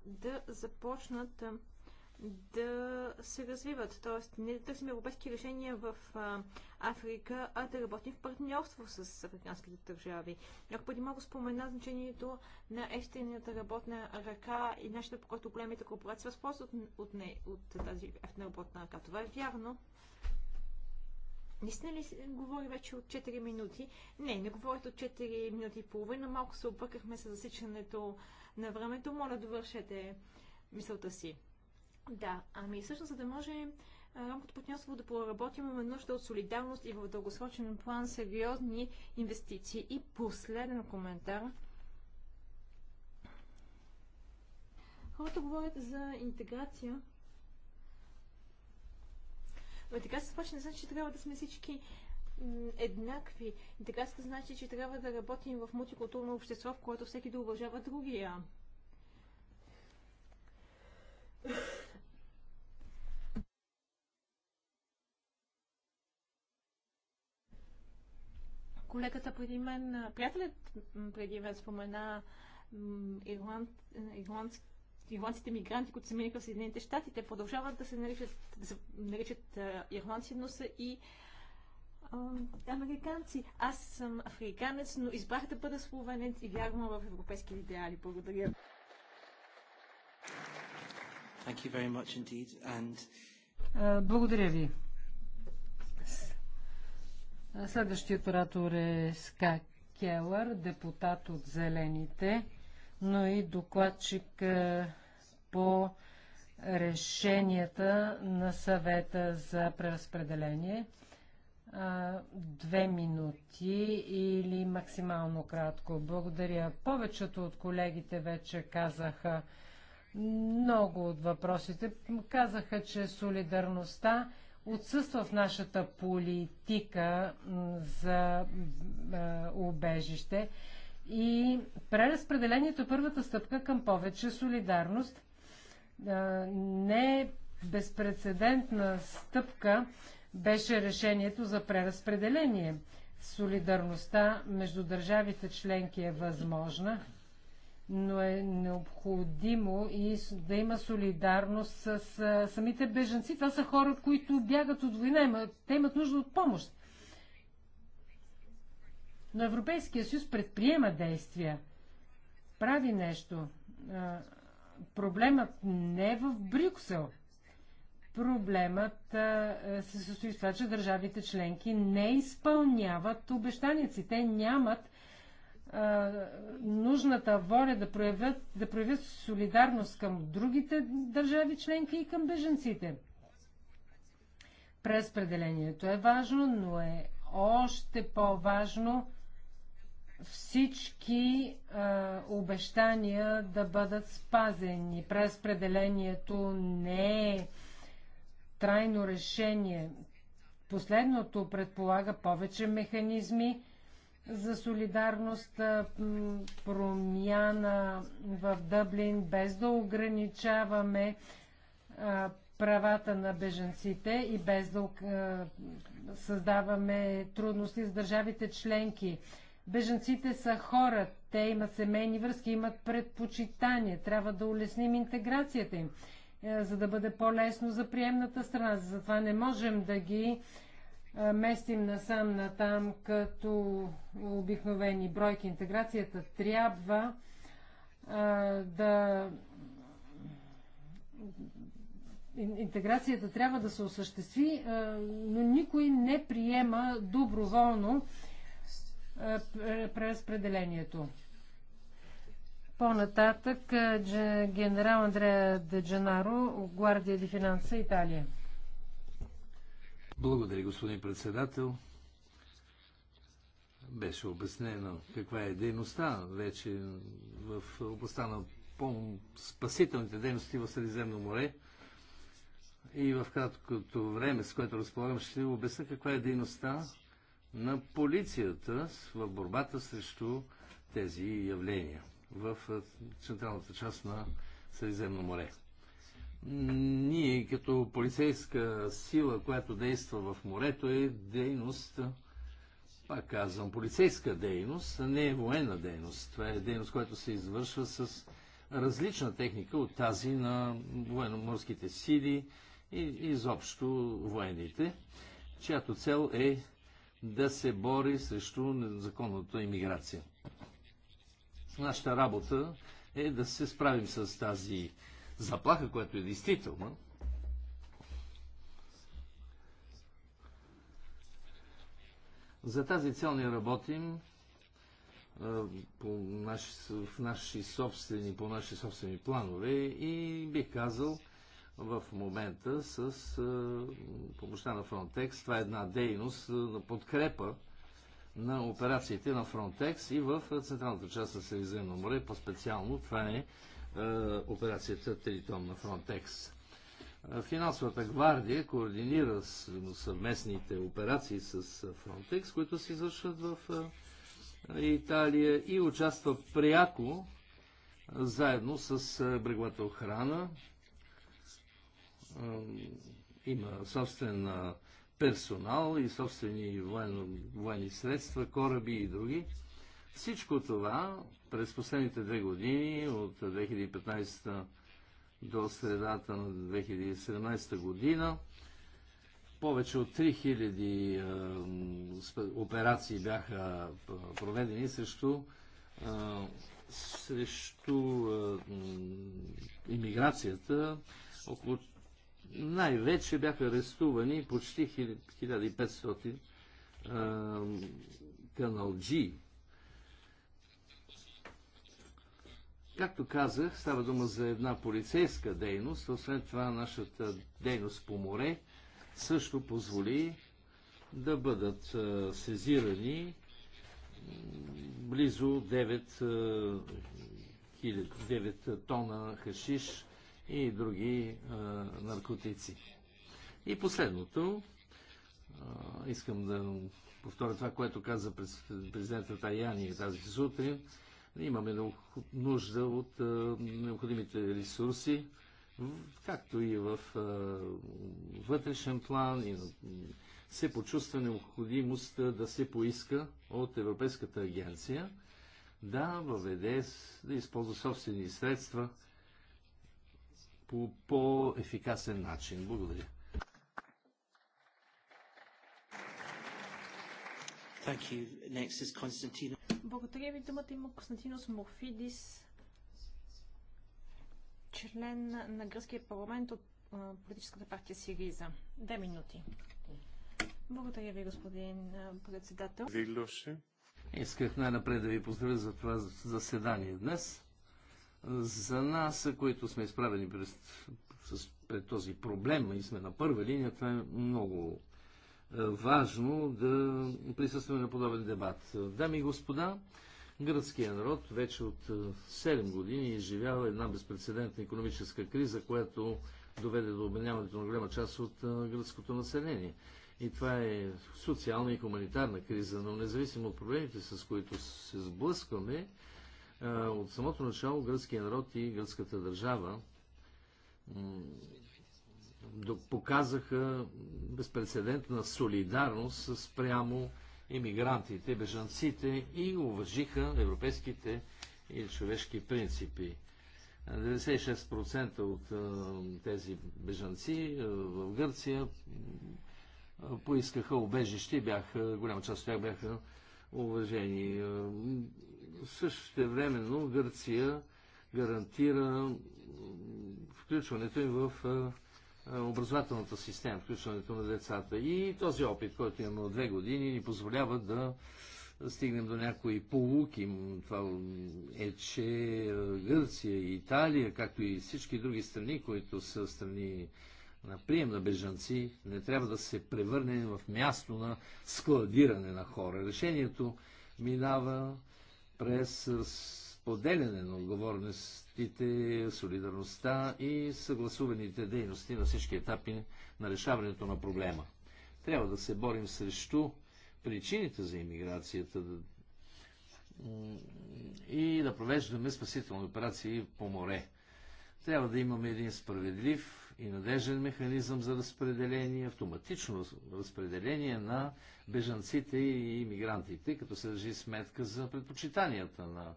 да започнат да се развиват. Тоест, не да търсим европейски решения в Африка, а да работим в партньорство с африканските държави. Ако преди малко спомена значението на ефтината работна ръка и начинът по който големите корпорации възползват от, не, от тази ефтина работна ръка. Това е вярно. Наистина ли говори вече от 4 минути? Не, не говорят от 4 минути и половина. Малко се объркахме с засичането на времето. Моля, довършете мисълта си. Да, ами всъщност, за да може е, рамкото партньорство да проработим, имаме нужда от солидарност и в дългосрочен план сериозни инвестиции. И последен коментар. Хората говорят за интеграция. Но интеграцията обаче не значи, че трябва да сме всички еднакви. Интеграцията значи, че трябва да работим в мултикултурно общество, в което всеки да уважава другия. Колегата преди мен, приятелят преди мен спомена е, ирландските ирландците мигранти, които се минаха в Съединените щати, те продължават да се наричат, да се наричат а, ирландци, но са и а, американци. Аз съм африканец, но избрах да бъда словенец и вярвам в европейски идеали. Благодаря. Thank you very much indeed. And... Благодаря ви. Следващият оратор е Ска Келър, депутат от Зелените, но и докладчик е, по решенията на съвета за преразпределение. Две минути или максимално кратко. Благодаря. Повечето от колегите вече казаха много от въпросите. Казаха, че солидарността отсъства в нашата политика за убежище и преразпределението е първата стъпка към повече солидарност. Не безпредседентна стъпка беше решението за преразпределение. Солидарността между държавите членки е възможна, но е необходимо и да има солидарност с, а, самите беженци. Това са хора, които бягат от война, те имат нужда от помощ. Но Европейския съюз предприема действия, прави нещо. А, проблемът не е в Брюксел. Проблемът а, се състои в това, че държавите членки не изпълняват обещаници. Те нямат а, нужната воля да проявят, да проявят солидарност към другите държави членки и към беженците. Преразпределението е важно, но е още по-важно всички а, обещания да бъдат спазени. Преразпределението не е трайно решение. Последното предполага повече механизми, за солидарност, промяна в Дъблин, без да ограничаваме правата на беженците и без да създаваме трудности с държавите членки. Беженците са хора, те имат семейни връзки, имат предпочитания, трябва да улесним интеграцията им, е, за да бъде по-лесно за приемната страна. Затова не можем да ги е, местим насам натам като обикновени бройки. Интеграцията трябва а, да. Интеграцията трябва да се осъществи, а, е, но никой не приема доброволно е, преразпределението. По-нататък генерал Андреа Деджанаро, Гвардия де Финанса, Италия. Благодаря, господин председател. Беше обяснено каква е дейността вече в областта на спасителните дейности в Средиземно море. И в краткото време, с което разполагам, ще ви обясня каква е дейността на полицията в борбата срещу тези явления в централната част на Средиземно море. Ние като полицейска сила, която действа в морето, е дейност, пак казвам, полицейска дейност, а не е военна дейност. Това е дейност, която се извършва с различна техника от тази на военноморските сили и изобщо военните, чиято цел е да се бори срещу незаконната иммиграция. Нашата работа е да се справим с тази заплаха, която е действително. За тази цел ние работим по наши, в наши собствени, по наши собствени планове и бих казал в момента с помощта на Frontex. Това е една дейност на подкрепа на операциите на Frontex и в централната част на Средиземно море. По-специално това е е, операцията Тритон на Фронтекс. Е, Финансовата гвардия координира съвместните операции с Фронтекс, които се извършват в е, Италия и участва пряко заедно с бреговата охрана. Има собствен персонал и собствени военни средства, кораби и други. Всичко това през последните две години, от 2015 до средата на 2017 година, повече от 3000 операции бяха проведени срещу, срещу иммиграцията. Около най-вече бяха арестувани почти 1500 каналджи, Както казах, става дума за една полицейска дейност. Освен това, нашата дейност по море също позволи да бъдат сезирани близо 9, 9 тона хашиш и други наркотици. И последното, искам да повторя това, което каза президента Таяни тази сутрин, Имаме нужда от необходимите ресурси, както и в вътрешен план и се почувства необходимост да се поиска от Европейската агенция да въведе, да използва собствени средства по по-ефикасен начин. Благодаря. Благодаря ви. Думата има Константинос Морфидис, член на гръцкия парламент от политическата партия Сириза. Две минути. Благодаря ви, господин председател. Исках най-напред да ви поздравя за това заседание днес. За нас, които сме изправени пред, пред този проблем и сме на първа линия, това е много важно да присъстваме на подобен дебат. Дами и господа, гръцкият народ вече от 7 е, години изживява е една безпредседентна економическа криза, която доведе до обменяването на голяма част от е, гръцкото население. И това е социална и хуманитарна криза, но независимо от проблемите, с които се сблъскваме, от самото начало гръцкият народ и гръцката държава показаха безпредседентна солидарност спрямо иммигрантите, бежанците и уважиха европейските и човешки принципи. 96% от тези бежанци в Гърция поискаха убежище и бяха, голяма част от тях бяха уважени. времено Гърция гарантира включването им в е, образователната система, включването на децата. И този опит, който имаме от две години, ни позволява да стигнем до някои полуки. Това е, че е, Гърция и Италия, както и всички други страни, които са страни на прием на бежанци, не трябва да се превърне в място на складиране на хора. Решението минава през споделяне на отговорностите, солидарността и съгласуваните дейности на всички етапи на решаването на проблема. Трябва да се борим срещу причините за иммиграцията и да провеждаме спасителни операции по море. Трябва да имаме един справедлив и надежен механизъм за разпределение, автоматично разпределение на бежанците и иммигрантите, като се държи сметка за предпочитанията на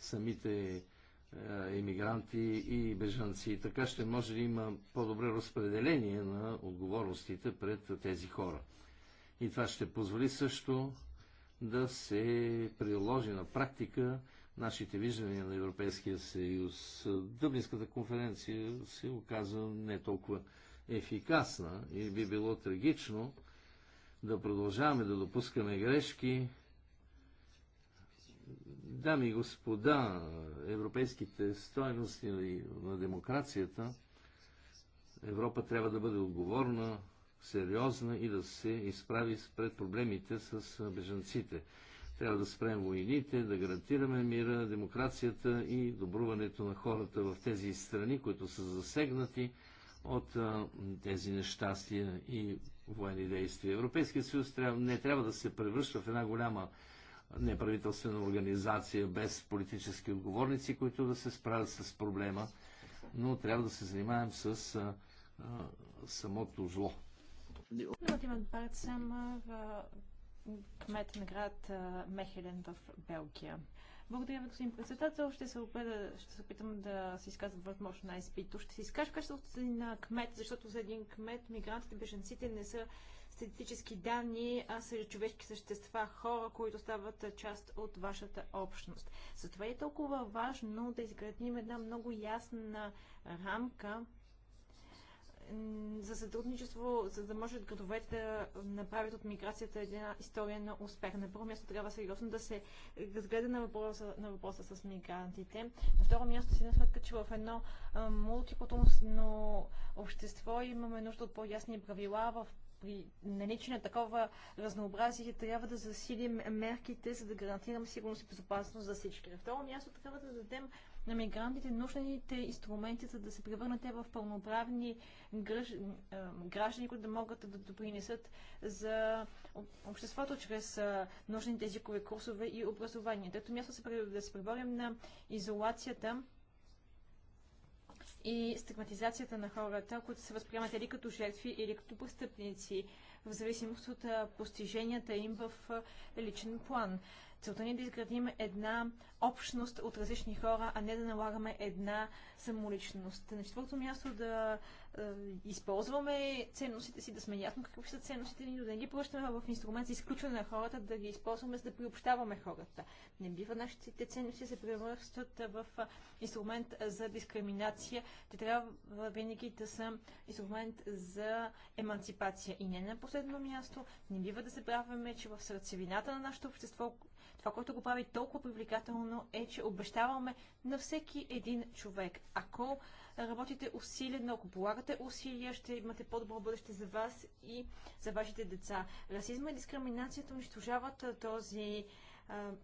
самите емигранти и бежанци. Така ще може да има по-добре разпределение на отговорностите пред тези хора. И това ще позволи също да се приложи на практика нашите виждания на Европейския съюз. Дъблинската конференция се оказа не толкова ефикасна и би било трагично да продължаваме да допускаме грешки, Дами и господа, европейските стоености на демокрацията, Европа трябва да бъде отговорна, сериозна и да се изправи пред проблемите с бежанците. Трябва да спрем войните, да гарантираме мира, демокрацията и добруването на хората в тези страни, които са засегнати от тези нещастия и военни действия. Европейския съюз не трябва да се превръща в една голяма неправителствена организация без политически отговорници, които да се справят с проблема, но трябва да се занимаем с а, а, самото зло. Владимир кмет на град Мехелен в Белгия. Благодаря, господин председател. Ще се, опеда ще се опитам да се изказвам възможно най-спито. Ще се изкажа качеството си на кмет, защото за един кмет мигрантите, беженците не са статистически данни, а са човешки същества, хора, които стават част от вашата общност. Затова е толкова важно да изградим една много ясна рамка за сътрудничество, за да може градовете да направят от миграцията една история на успех. На първо място трябва сериозно да се разгледа на въпроса, на въпроса с мигрантите. На второ място си сметка, че в едно мултикултурно общество имаме нужда от по-ясни правила в при наличие на такова разнообразие трябва да засилим мерките, за да гарантираме сигурност и безопасност за всички. На второ място трябва да дадем на мигрантите нужните инструменти, за да се превърнат в пълноправни гръж... граждани, които да могат да допринесат за обществото чрез нужните езикови курсове и образование. Трето място да се преборим на изолацията и стигматизацията на хората, които се възприемат или като жертви, или като престъпници, в зависимост от постиженията им в личен план. Целта ни е да изградим една общност от различни хора, а не да налагаме една самоличност. На четвърто място да е, използваме ценностите си, да сме ясно какви са ценностите ни, но да не ги превръщаме в инструмент за изключване на хората, да ги използваме за да приобщаваме хората. Не бива нашите ценности се превръщат в инструмент за дискриминация. Те трябва винаги да са инструмент за емансипация. И не на последно място, не бива да забравяме, че в сърцевината на нашето общество това, което го прави толкова привлекателно е, че обещаваме на всеки един човек. Ако работите усилено, ако полагате усилия, ще имате по-добро бъдеще за вас и за вашите деца. Расизма и дискриминацията унищожават този,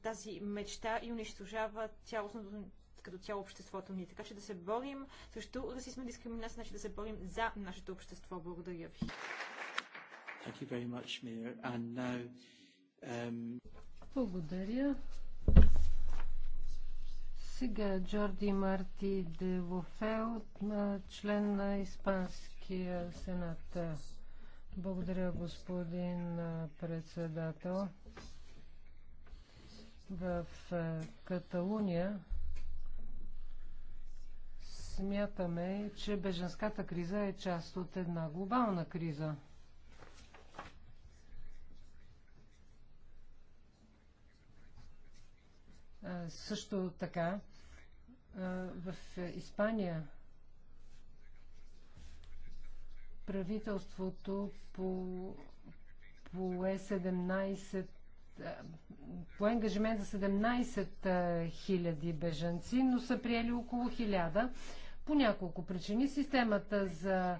тази мечта и унищожават цялостното като цяло обществото ни. Така че да се борим срещу расизма и дискриминация, значи да се борим за нашето общество. Благодаря ви. Thank you very much, And now, um... Благодаря. Сега Джорди Марти де Лофел, член на Испанския сенат. Благодаря, господин председател. В Каталуния смятаме, че беженската криза е част от една глобална криза – Също така в Испания правителството по, по е 17 по ангажимент за 17 000 бежанци, но са приели около 1000. По няколко причини системата за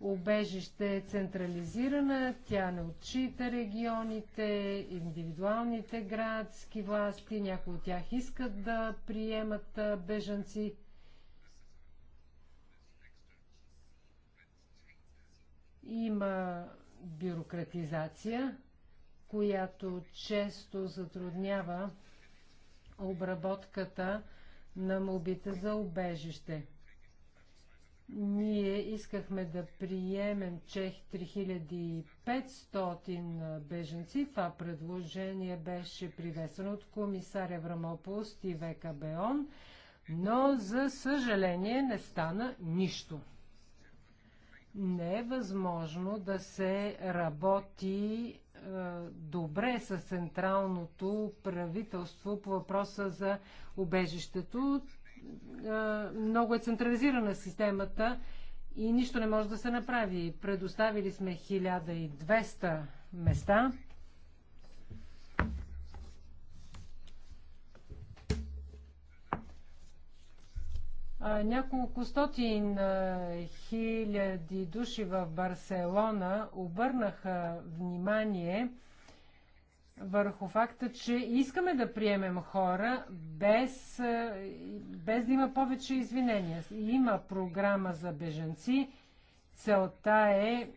Обежище е централизирана, тя не отчита регионите, индивидуалните градски власти, някои от тях искат да приемат бежанци. Има бюрократизация, която често затруднява обработката на мобите за обежище. Ние искахме да приемем Чех 3500 беженци. Това предложение беше привесено от комисар Еврамопус и Века Беон, но за съжаление не стана нищо. Не е възможно да се работи добре с централното правителство по въпроса за убежището много е централизирана системата и нищо не може да се направи. Предоставили сме 1200 места. Няколко стотин хиляди души в Барселона обърнаха внимание върху факта, че искаме да приемем хора без, е, без да има повече извинения. Има програма за беженци. Целта е, е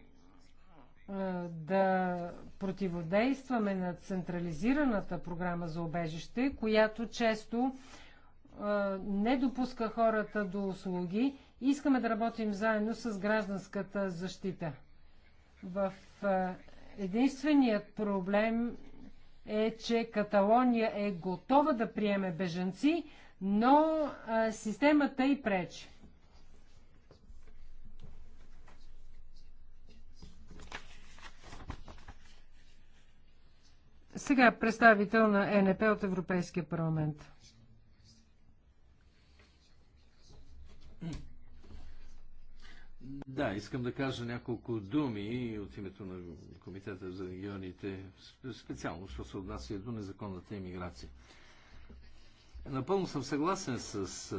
да противодействаме на централизираната програма за обежище, която често е, не допуска хората до услуги. Искаме да работим заедно с гражданската защита. В единственият проблем е, че Каталония е готова да приеме бежанци, но а, системата и пречи. Сега представител на ЕНП от Европейския парламент. Да, искам да кажа няколко думи от името на Комитета за регионите, специално, що се отнася до незаконната иммиграция. Напълно съм съгласен с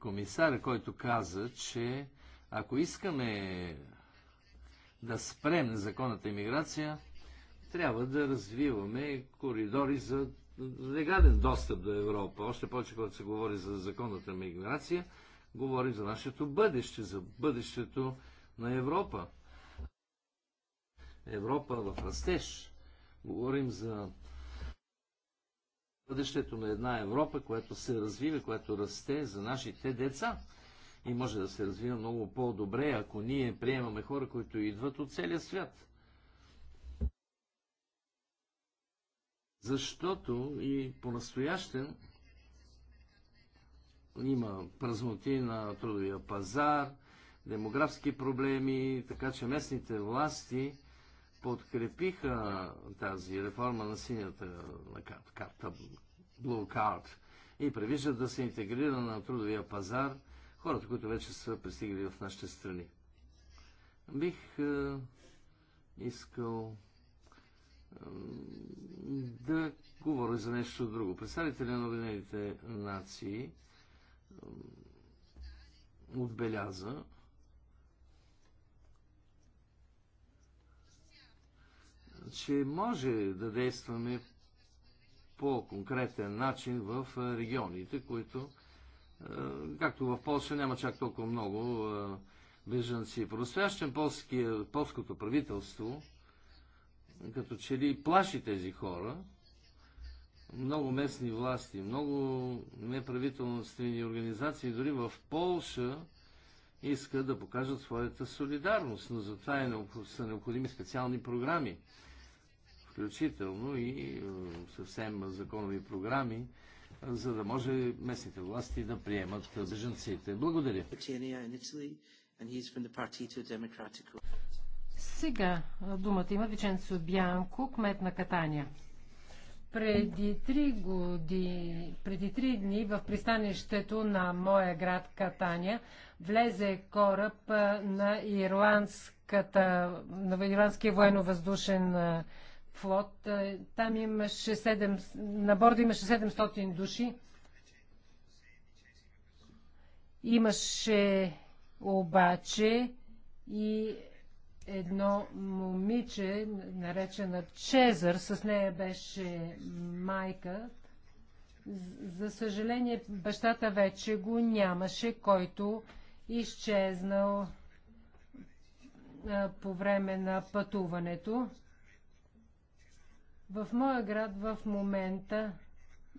комисаря, който каза, че ако искаме да спрем незаконната иммиграция, трябва да развиваме коридори за легален достъп до Европа. Още повече, когато се говори за законната миграция – говорим за нашето бъдеще, за бъдещето на Европа. Европа в растеж. Говорим за бъдещето на една Европа, която се развива, която расте за нашите деца. И може да се развива много по-добре, ако ние приемаме хора, които идват от целия свят. Защото и по-настоящен има празноти на трудовия пазар, демографски проблеми, така че местните власти подкрепиха тази реформа на синята на карта, Blue Card и превиждат да се интегрира на трудовия пазар хората, които вече са пристигали в нашите страни. Бих е, искал е, да говоря за нещо друго. Представители на Обединените нации отбеляза, че може да действаме по конкретен начин в регионите, които, както в Польша, няма чак толкова много бежанци. Простоящен полското правителство, като че ли плаши тези хора, много местни власти, много неправителностни организации, дори в Полша, искат да покажат своята солидарност, но за това е необх... са необходими специални програми, включително и е, съвсем законови програми, за да може местните власти да приемат беженците. Благодаря. Сега думата има Виченцо Бянко, кмет на Катания. Преди три, години, преди три дни в пристанището на моя град Катания влезе кораб на, ирландската, на ирландския военно-въздушен флот. Там имаше 7, на борда имаше 700 души. Имаше обаче и едно момиче, наречена Чезър, с нея беше майка. За съжаление, бащата вече го нямаше, който изчезнал по време на пътуването. В моя град в момента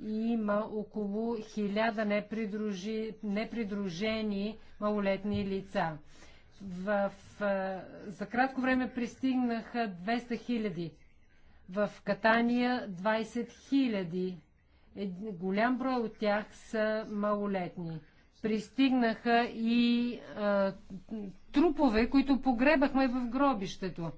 има около хиляда непридружени малолетни лица. В, за кратко време пристигнаха 200 хиляди. В Катания 20 хиляди. Голям брой от тях са малолетни. Пристигнаха и а, трупове, които погребахме в гробището.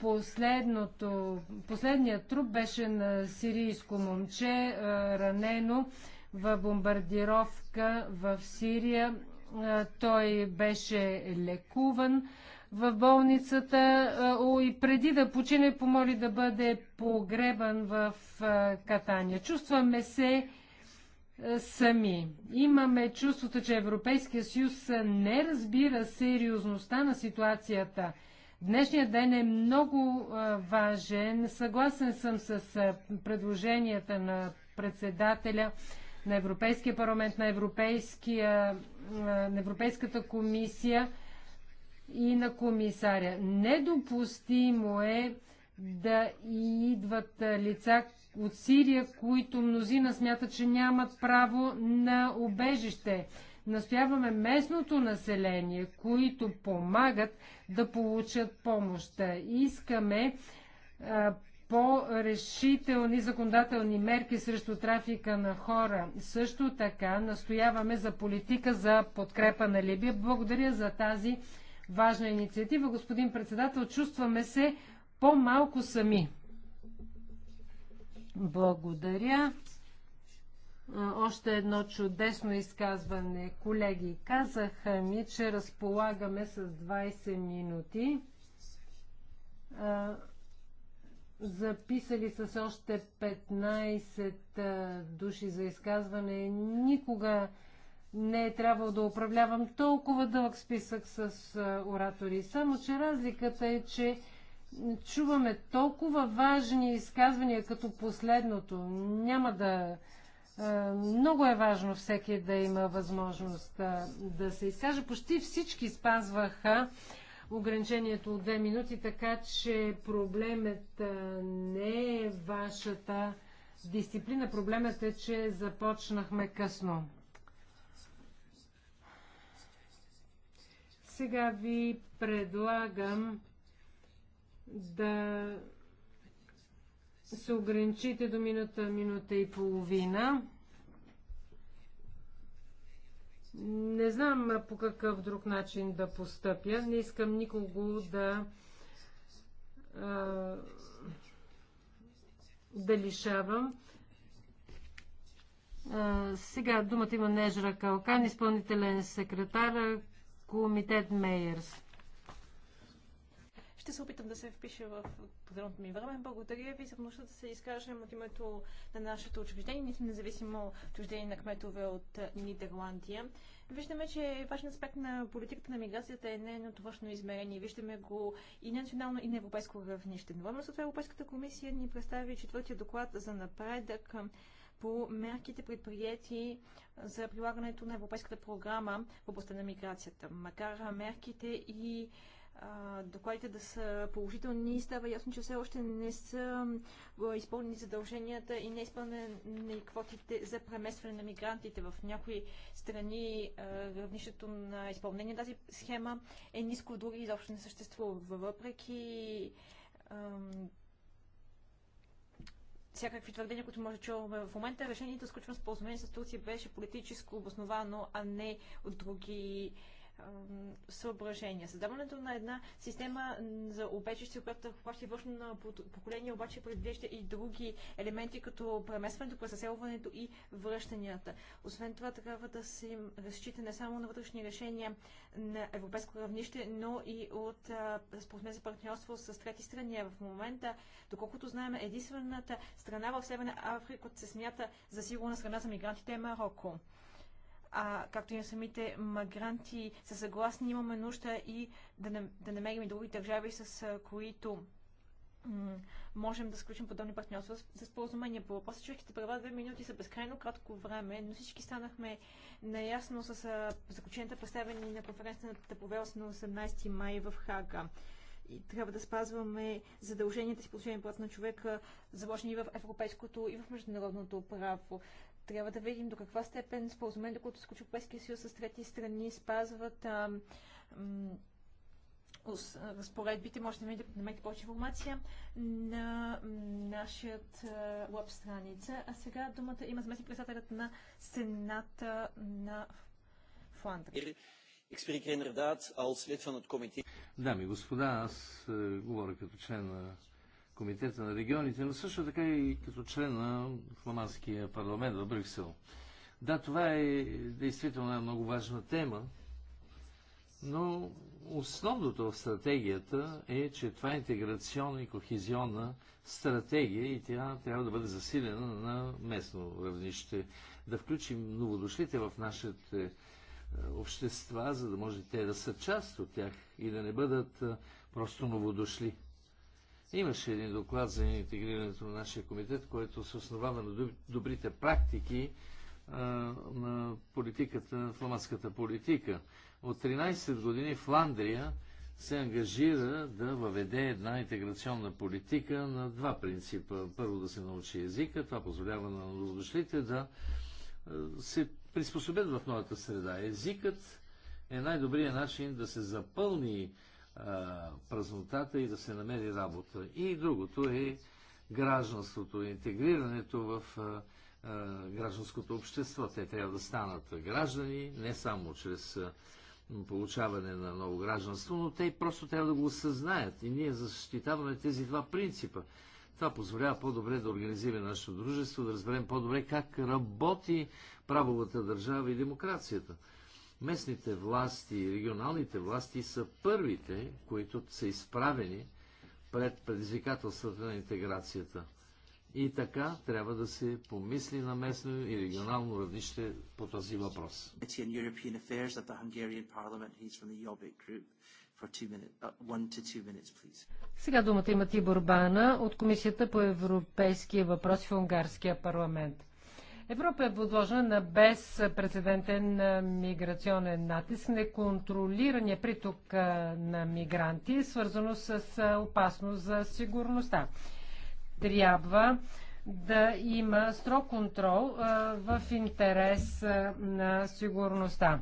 Последното, последният труп беше на сирийско момче, а, ранено в бомбардировка в Сирия е, той беше лекуван в болницата е, и преди да почине помоли да бъде погребан в е, Катания. Чувстваме се сами. Имаме чувството, че Европейския съюз не разбира сериозността на ситуацията. Днешният ден е много важен. Съгласен съм с предложенията на председателя на Европейския парламент, на, Европейския, на Европейската комисия и на комисаря. Недопустимо е да идват лица от Сирия, които мнозина смятат, че нямат право на обежище. Настояваме местното население, които помагат да получат помощ. Искаме по-решителни законодателни мерки срещу трафика на хора. Също така настояваме за политика за подкрепа на Либия. Благодаря за тази важна инициатива. Господин председател, чувстваме се по-малко сами. Благодаря. Още едно чудесно изказване. Колеги, казаха ми, че разполагаме с 20 минути. Записали са се още 15 души за изказване. Никога не е трябвало да управлявам толкова дълъг списък с оратори. Само, че разликата е, че чуваме толкова важни изказвания като последното. Няма да. Много е важно всеки да има възможност да се изкаже. Почти всички спазваха ограничението от две минути, така че проблемът не е вашата дисциплина. Проблемът е, че започнахме късно. Сега ви предлагам да се ограничите до минута, минута и половина. Не знам по какъв друг начин да постъпя. Не искам никого да да лишавам. Сега думата има Нежра Калкан, изпълнителен секретар, комитет Мейерс. Ще се опитам да се впиша в подробното ми време. Благодаря ви за нуждата да се изкажем от името на нашето учреждение. Ние сме независимо учреждение на кметове от Нидерландия. Виждаме, че важен аспект на политиката на миграцията е нейното външно измерение. Виждаме го и на национално, и на европейско равнище. Но с това Европейската комисия ни представи четвъртия доклад за напредък по мерките предприяти за прилагането на Европейската програма в областта на миграцията. Макар мерките и докладите да са положителни, става ясно, че все още не са изпълнени задълженията и не е изпълнени квотите за преместване на мигрантите. В някои страни равнището на изпълнение на тази схема е ниско, други изобщо не съществува. Въпреки всякакви твърдения, които може да чуваме в момента, решението с с споразумение с Турция беше политически обосновано, а не от други съображения. Създаването на една система за обечище, която обхваща външно на поколение, обаче предвижда и други елементи, като преместването, презаселването и връщанията. Освен това, трябва да се разчита не само на вътрешни решения на европейско равнище, но и от споразумение за партньорство с трети страни. В момента, доколкото знаем, единствената страна в Северна Африка, която се смята за сигурна страна за мигрантите е Марокко а както и на самите мигранти са съгласни, имаме нужда и да, не, да намерим и други държави, с които можем да сключим подобни партньорства за споразумение. По въпроса човеките права две минути са безкрайно кратко време, но всички станахме наясно с заключенията, представени на конференцията по ВЕОС на 18 май в Хага. И трябва да спазваме задълженията си по отношение на човека, заложени и в европейското и в международното право. Трябва да видим до каква степен споразумението, което сключи Европейския съюз с трети страни, спазват а, разпоредбите, може да намерите, намерите повече информация на нашият веб страница. А сега думата има заместник председателят на Сената на Фландрия. Дами и господа, аз е, говоря като член на Комитета на регионите, но също така и като член на фламандския парламент в Брюксел. Да, това е действително една много важна тема, но основното в стратегията е, че това е интеграционна и кохезионна стратегия и тя трябва да бъде засилена на местно равнище. Да включим новодошлите в нашите е, общества, за да може те да са част от тях и да не бъдат е, просто новодошли. Имаше един доклад за интегрирането на нашия комитет, който се основава на добрите практики а, на политиката, фламандската политика. От 13 години Фландрия се ангажира да въведе една интеграционна политика на два принципа. Първо да се научи езика, това позволява на новодошлите да се приспособят в новата среда. Езикът е най-добрият начин да се запълни празнотата и да се намери работа. И другото е гражданството, интегрирането в гражданското общество. Те трябва да станат граждани, не само чрез получаване на ново гражданство, но те просто трябва да го осъзнаят. И ние защитаваме тези два принципа. Това позволява по-добре да организираме нашето дружество, да разберем по-добре как работи правовата държава и демокрацията. Местните власти и регионалните власти са първите, които са изправени пред предизвикателствата на интеграцията. И така трябва да се помисли на местно и регионално равнище по този въпрос. Uh, Сега думата има Тибор Бана от Комисията по европейски въпроси в Унгарския парламент. Европа е подложена на безпредседентен миграционен натиск. Неконтролирания приток на мигранти е свързано с опасност за сигурността. Трябва да има строг контрол в интерес на сигурността.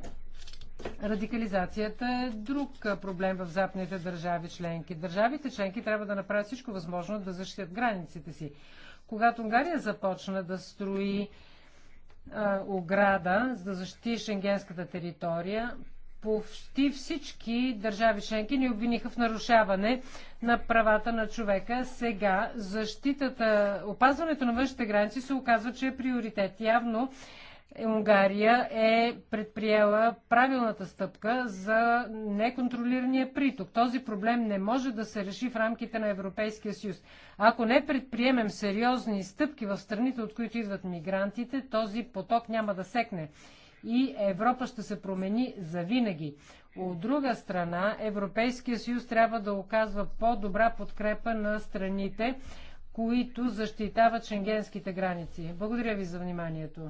Радикализацията е друг проблем в западните държави членки. Държавите членки трябва да направят всичко възможно да защитят границите си. Когато Унгария започна да строи ограда, за да защити шенгенската територия, почти всички държави Шенки ни обвиниха в нарушаване на правата на човека. Сега защитата, опазването на външните граници се оказва, че е приоритет. Явно Унгария е предприела правилната стъпка за неконтролирания приток. Този проблем не може да се реши в рамките на Европейския съюз. Ако не предприемем сериозни стъпки в страните, от които идват мигрантите, този поток няма да секне и Европа ще се промени завинаги. От друга страна, Европейския съюз трябва да оказва по-добра подкрепа на страните, които защитават шенгенските граници. Благодаря ви за вниманието.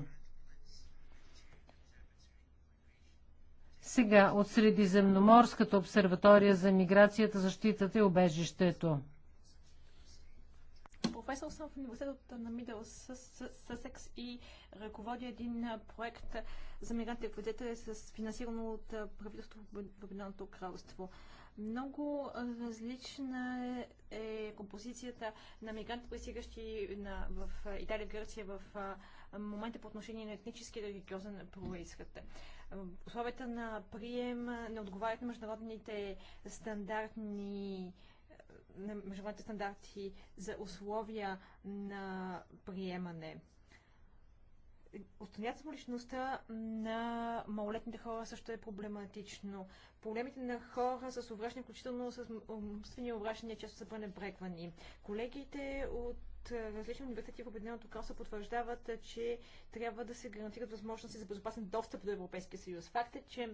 Сега от Средиземноморската обсерватория за миграцията, защитата и обежището. Професор съм в университета на Мидъл Съсекс и ръководи един проект за мигранти и с финансирано от правителството в Обединеното кралство. Много различна е, е композицията на мигранти, пристигащи в Италия, Гърция в момента по отношение на етнически и религиозен происход условията на прием не отговарят на международните стандартни на международните стандарти за условия на приемане. на самоличността на малолетните хора също е проблематично. Проблемите на хора с увреждане, включително с умствени увреждания, често са пренебрегвани. Колегите от от различни университети в Обединеното кралство потвърждават, че трябва да се гарантират възможности за безопасен достъп до Европейския съюз. Факт е, че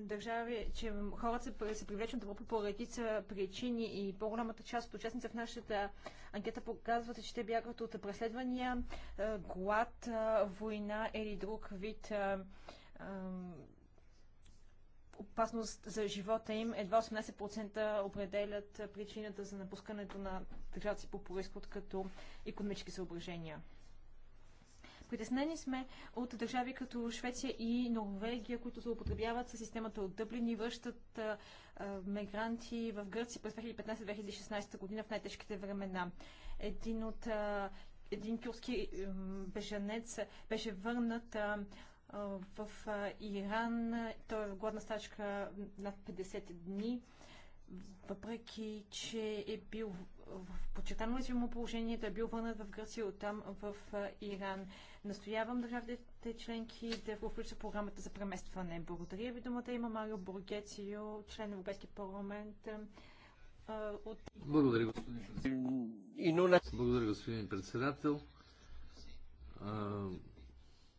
държави, че хората се, привлечат да по редица причини и по-голямата част от участници в нашата анкета показват, че те бягат от преследвания, глад, война или друг вид опасност за живота им, едва 18% определят причината за напускането на държавата си по происход като економически съображения. Притеснени сме от държави като Швеция и Норвегия, които се употребяват с системата от Дъблин и връщат а, мигранти в Гърция през 2015-2016 година в най-тежките времена. Един от а, един кюрски бежанец беше върнат а, в Иран. Той е в гладна стачка над 50 дни, въпреки че е бил в почетано уязвимо положение, той е бил върнат в Гърция, оттам в Иран. Настоявам държавите членки да го включат програмата за преместване. Благодаря ви. Думата има Марио Бургецио, член на Европейски парламент. От... Благодаря, господин председател. Благодаря, господин председател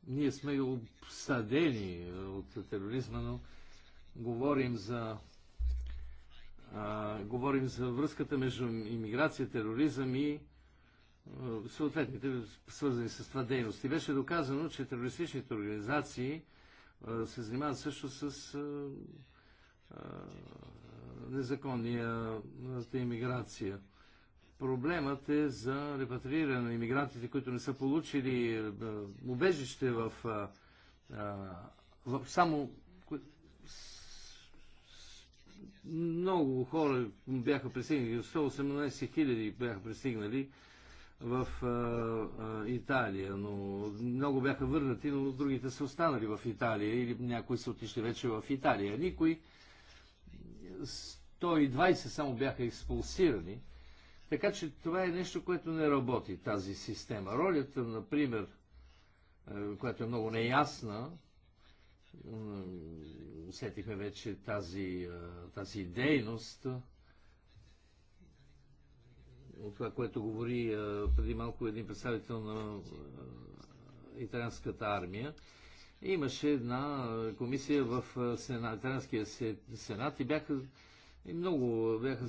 ние сме обсадени от тероризма, но говорим за а, говорим за връзката между иммиграция, тероризъм и а, съответните свързани с това дейности. Беше доказано, че терористичните организации а, се занимават също с а, а, незаконната иммиграция. Проблемът е за репатрииране на иммигрантите, които не са получили е, убежище в, в само много хора бяха пристигнали, 118 хиляди бяха пристигнали в а, а, Италия, но много бяха върнати, но другите са останали в Италия или някои са отишли вече в Италия. Никой, 120 само бяха експулсирани така че това е нещо, което не работи, тази система. Ролята, например, е, която е много неясна, усетихме вече тази, е, тази дейност, от това, което говори е, преди малко един представител на италианската армия. Имаше една комисия в Сена, Италианския сенат и бяха и много бяха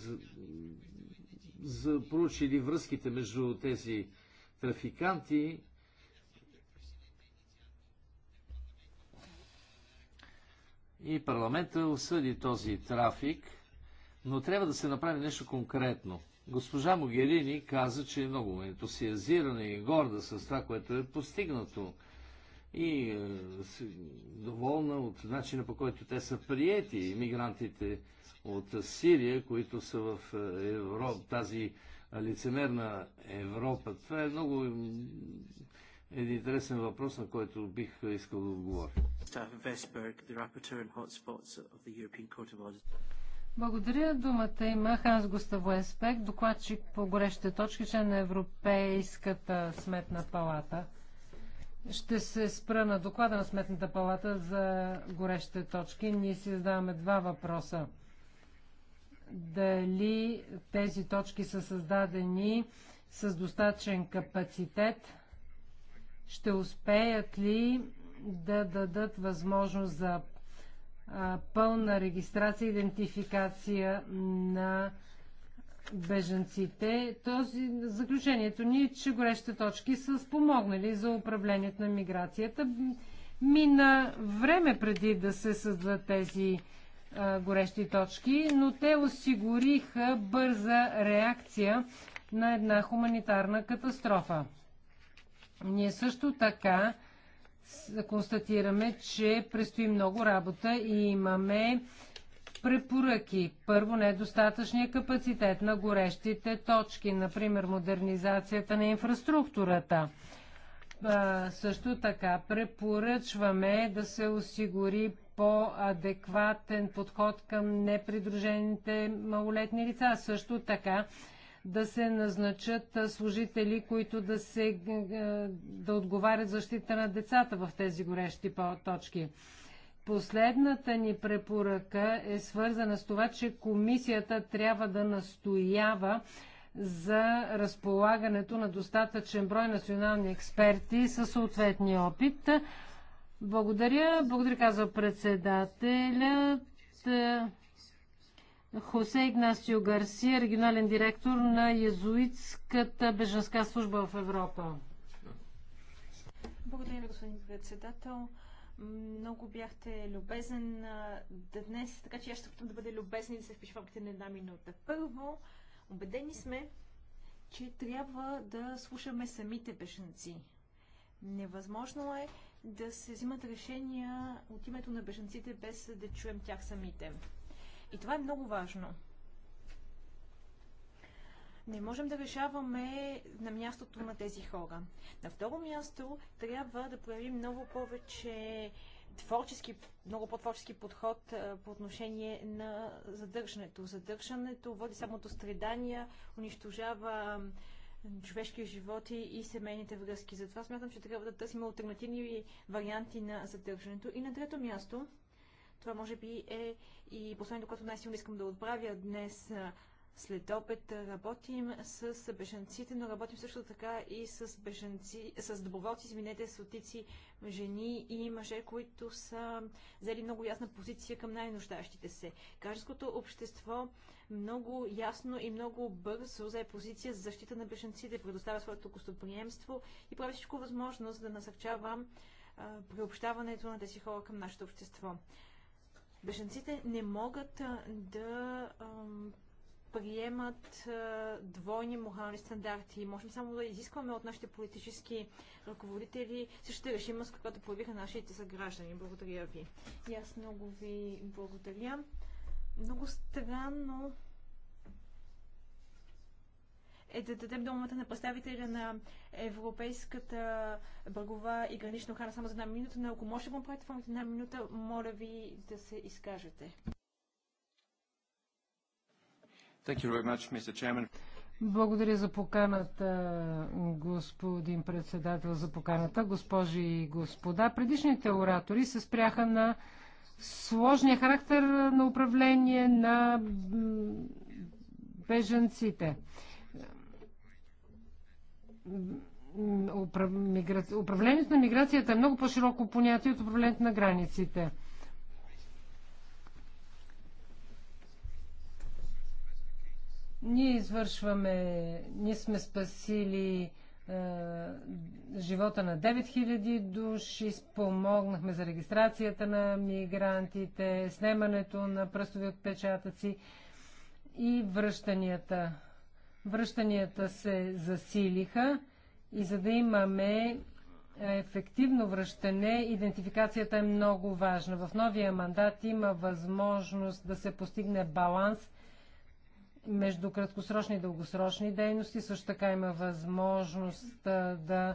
проучили връзките между тези трафиканти. И парламента осъди този трафик, но трябва да се направи нещо конкретно. Госпожа Могерини каза, че е много ентусиазирана и горда с това, което е постигнато и е, доволна от начина по който те са приети, иммигрантите от Сирия, които са в е, Европа, тази лицемерна Европа. Това е много един интересен въпрос, на който бих искал да отговоря. Благодаря. Думата има Ханс Густаво Еспек, докладчик по горещите точки, член на Европейската сметна палата. Ще се спра на доклада на Сметната палата за горещите точки. Ние си задаваме два въпроса. Дали тези точки са създадени с достатъчен капацитет? Ще успеят ли да дадат възможност за пълна регистрация и идентификация на беженците. Този, заключението ни е, че горещите точки са спомогнали за управлението на миграцията. Мина време преди да се създадат тези а, горещи точки, но те осигуриха бърза реакция на една хуманитарна катастрофа. Ние също така констатираме, че предстои много работа и имаме препоръки. Първо, недостатъчния капацитет на горещите точки, например модернизацията на инфраструктурата. А, също така препоръчваме да се осигури по-адекватен подход към непридружените малолетни лица. Също така да се назначат служители, които да, се, да отговарят защита на децата в тези горещи точки. Последната ни препоръка е свързана с това, че комисията трябва да настоява за разполагането на достатъчен брой национални експерти със съответния опит. Благодаря. Благодаря, казва председателят. Хосе Игнасио Гарсия, регионален директор на Езуитската беженска служба в Европа. Благодаря господин председател. Много бяхте любезен днес, така че аз ще опитам да бъда любезен и да се впиша в рамките на една минута. Първо, убедени сме, че трябва да слушаме самите бежанци. Невъзможно е да се взимат решения от името на бежанците без да чуем тях самите. И това е много важно не можем да решаваме на мястото на тези хора. На второ място трябва да проявим много повече творчески, много по-творчески подход по отношение на задържането. Задържането води само до страдания, унищожава човешки животи и семейните връзки. Затова смятам, че трябва да търсим альтернативни варианти на задържането. И на трето място, това може би е и последното, което най-силно искам да отправя днес след обед работим с бежанците, но работим също така и с бежанци, с доброволци, извинете, сотици, жени и мъже, които са взели много ясна позиция към най-нуждащите се. Кажеското общество много ясно и много бързо взе позиция за защита на бежанците, предоставя своето гостоприемство и прави всичко възможно, за да насърчава приобщаването на тези хора към нашето общество. Бежанците не могат да приемат двойни морални стандарти. Можем само да изискваме от нашите политически ръководители същата решимост, която проявиха нашите съграждани. Благодаря ви. И аз много ви благодаря. Много странно е да дадем думата на представителя на Европейската бъргова и гранична охрана само за една минута, но ако може да го направите в една минута, моля ви да се изкажете. Благодаря за поканата, господин председател, за поканата. Госпожи и господа, предишните оратори се спряха на сложния характер на управление на беженците. Управлението на миграцията е много по-широко понятие от управлението на границите. Ние извършваме, ние сме спасили е, живота на 9000 души, спомогнахме за регистрацията на мигрантите, снимането на пръстови отпечатъци и връщанията. Връщанията се засилиха и за да имаме ефективно връщане, идентификацията е много важна. В новия мандат има възможност да се постигне баланс – между краткосрочни и дългосрочни дейности. Също така има възможност да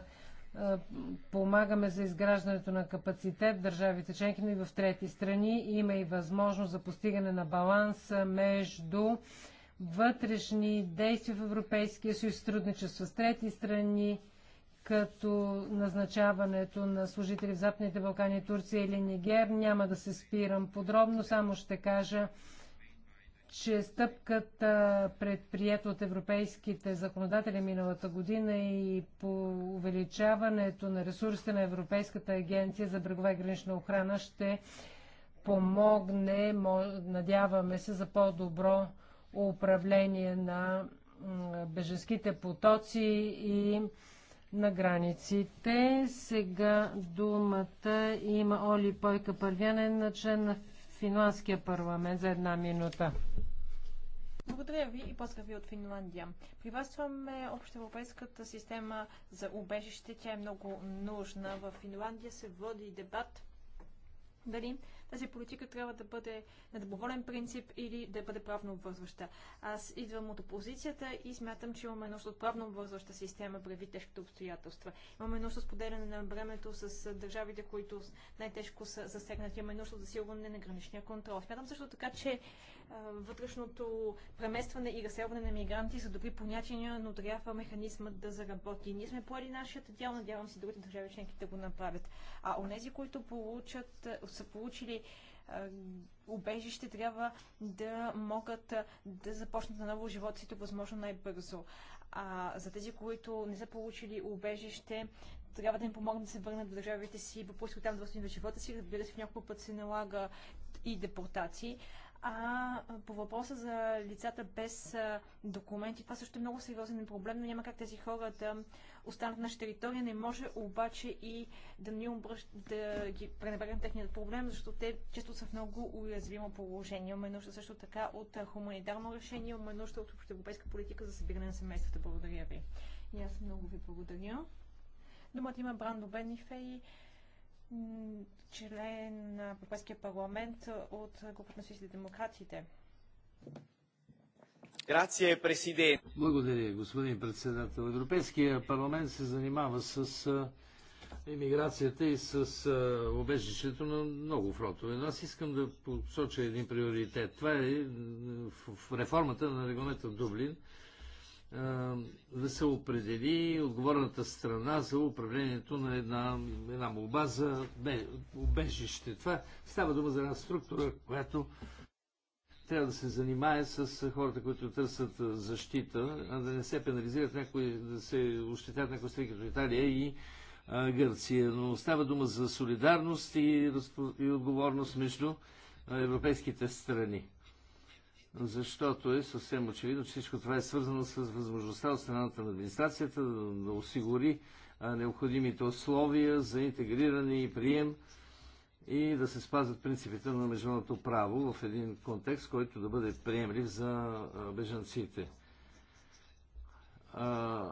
помагаме за изграждането на капацитет в държавите членки, но и в трети страни. Има и възможност за постигане на баланса между вътрешни действия в Европейския съюз, сътрудничество с трети страни, като назначаването на служители в Западните Балкани, Турция или Нигер. Няма да се спирам подробно, само ще кажа, че стъпката предприят от европейските законодатели миналата година и по увеличаването на ресурсите на Европейската агенция за брегова и гранична охрана ще помогне, надяваме се, за по-добро управление на беженските потоци и на границите. Сега думата има Оли Пойка Първянен, член на Финландския парламент за една минута. Благодаря ви и поздрави от Финландия. Приветстваме е общоевропейската система за убежище. Тя е много нужна. В Финландия се води дебат дали тази политика трябва да бъде на доброволен принцип или да бъде правно обвързваща. Аз идвам от опозицията и смятам, че имаме нужда от правно обвързваща система преди тежките обстоятелства. Имаме нужда от споделяне на времето с държавите, които най-тежко са засегнати. Имаме нужда от засилване на граничния контрол. Смятам също така, че вътрешното преместване и разселване на мигранти са добри понятия, но трябва механизмът да заработи. Ние сме поели нашия дял, надявам се другите държави членки да го направят. А онези, които получат, са получили убежище трябва да могат да започнат ново живота си възможно най-бързо. А за тези, които не са получили убежище, трябва да им помогнат да се върнат в държавите си, по поиска там да възстановят живота си, разбира се, в няколко път се налага и депортации. А по въпроса за лицата без документи, това също е много сериозен проблем, но няма как тези хора да останат на нашата територия. Не може обаче и да ни обръщ, да ги пренебрегнем техният проблем, защото те често са в много уязвимо положение. Имаме нужда също така от хуманитарно решение, имаме нужда от европейска политика за събиране на семействата. Благодаря ви. И аз много ви благодаря. Думата има Брандо Бенифей член на Европейския парламент от групата на Социалистите демократите. Благодаря, господин председател. Европейския парламент се занимава с иммиграцията и с обежището на много фронтове. Но аз искам да посоча един приоритет. Това е реформата на регламента в Дублин, да се определи отговорната страна за управлението на една, една молба за убежище. Това става дума за една структура, която трябва да се занимае с хората, които търсят защита, а да не се пенализират някои, да се ощетят някои страни като Италия и а, Гърция. Но става дума за солидарност и, и отговорност между европейските страни защото е съвсем очевидно, че всичко това е свързано с възможността от страната на администрацията да, да осигури а, необходимите условия за интегриране и прием и да се спазват принципите на международното право в един контекст, който да бъде приемлив за а, бежанците. А,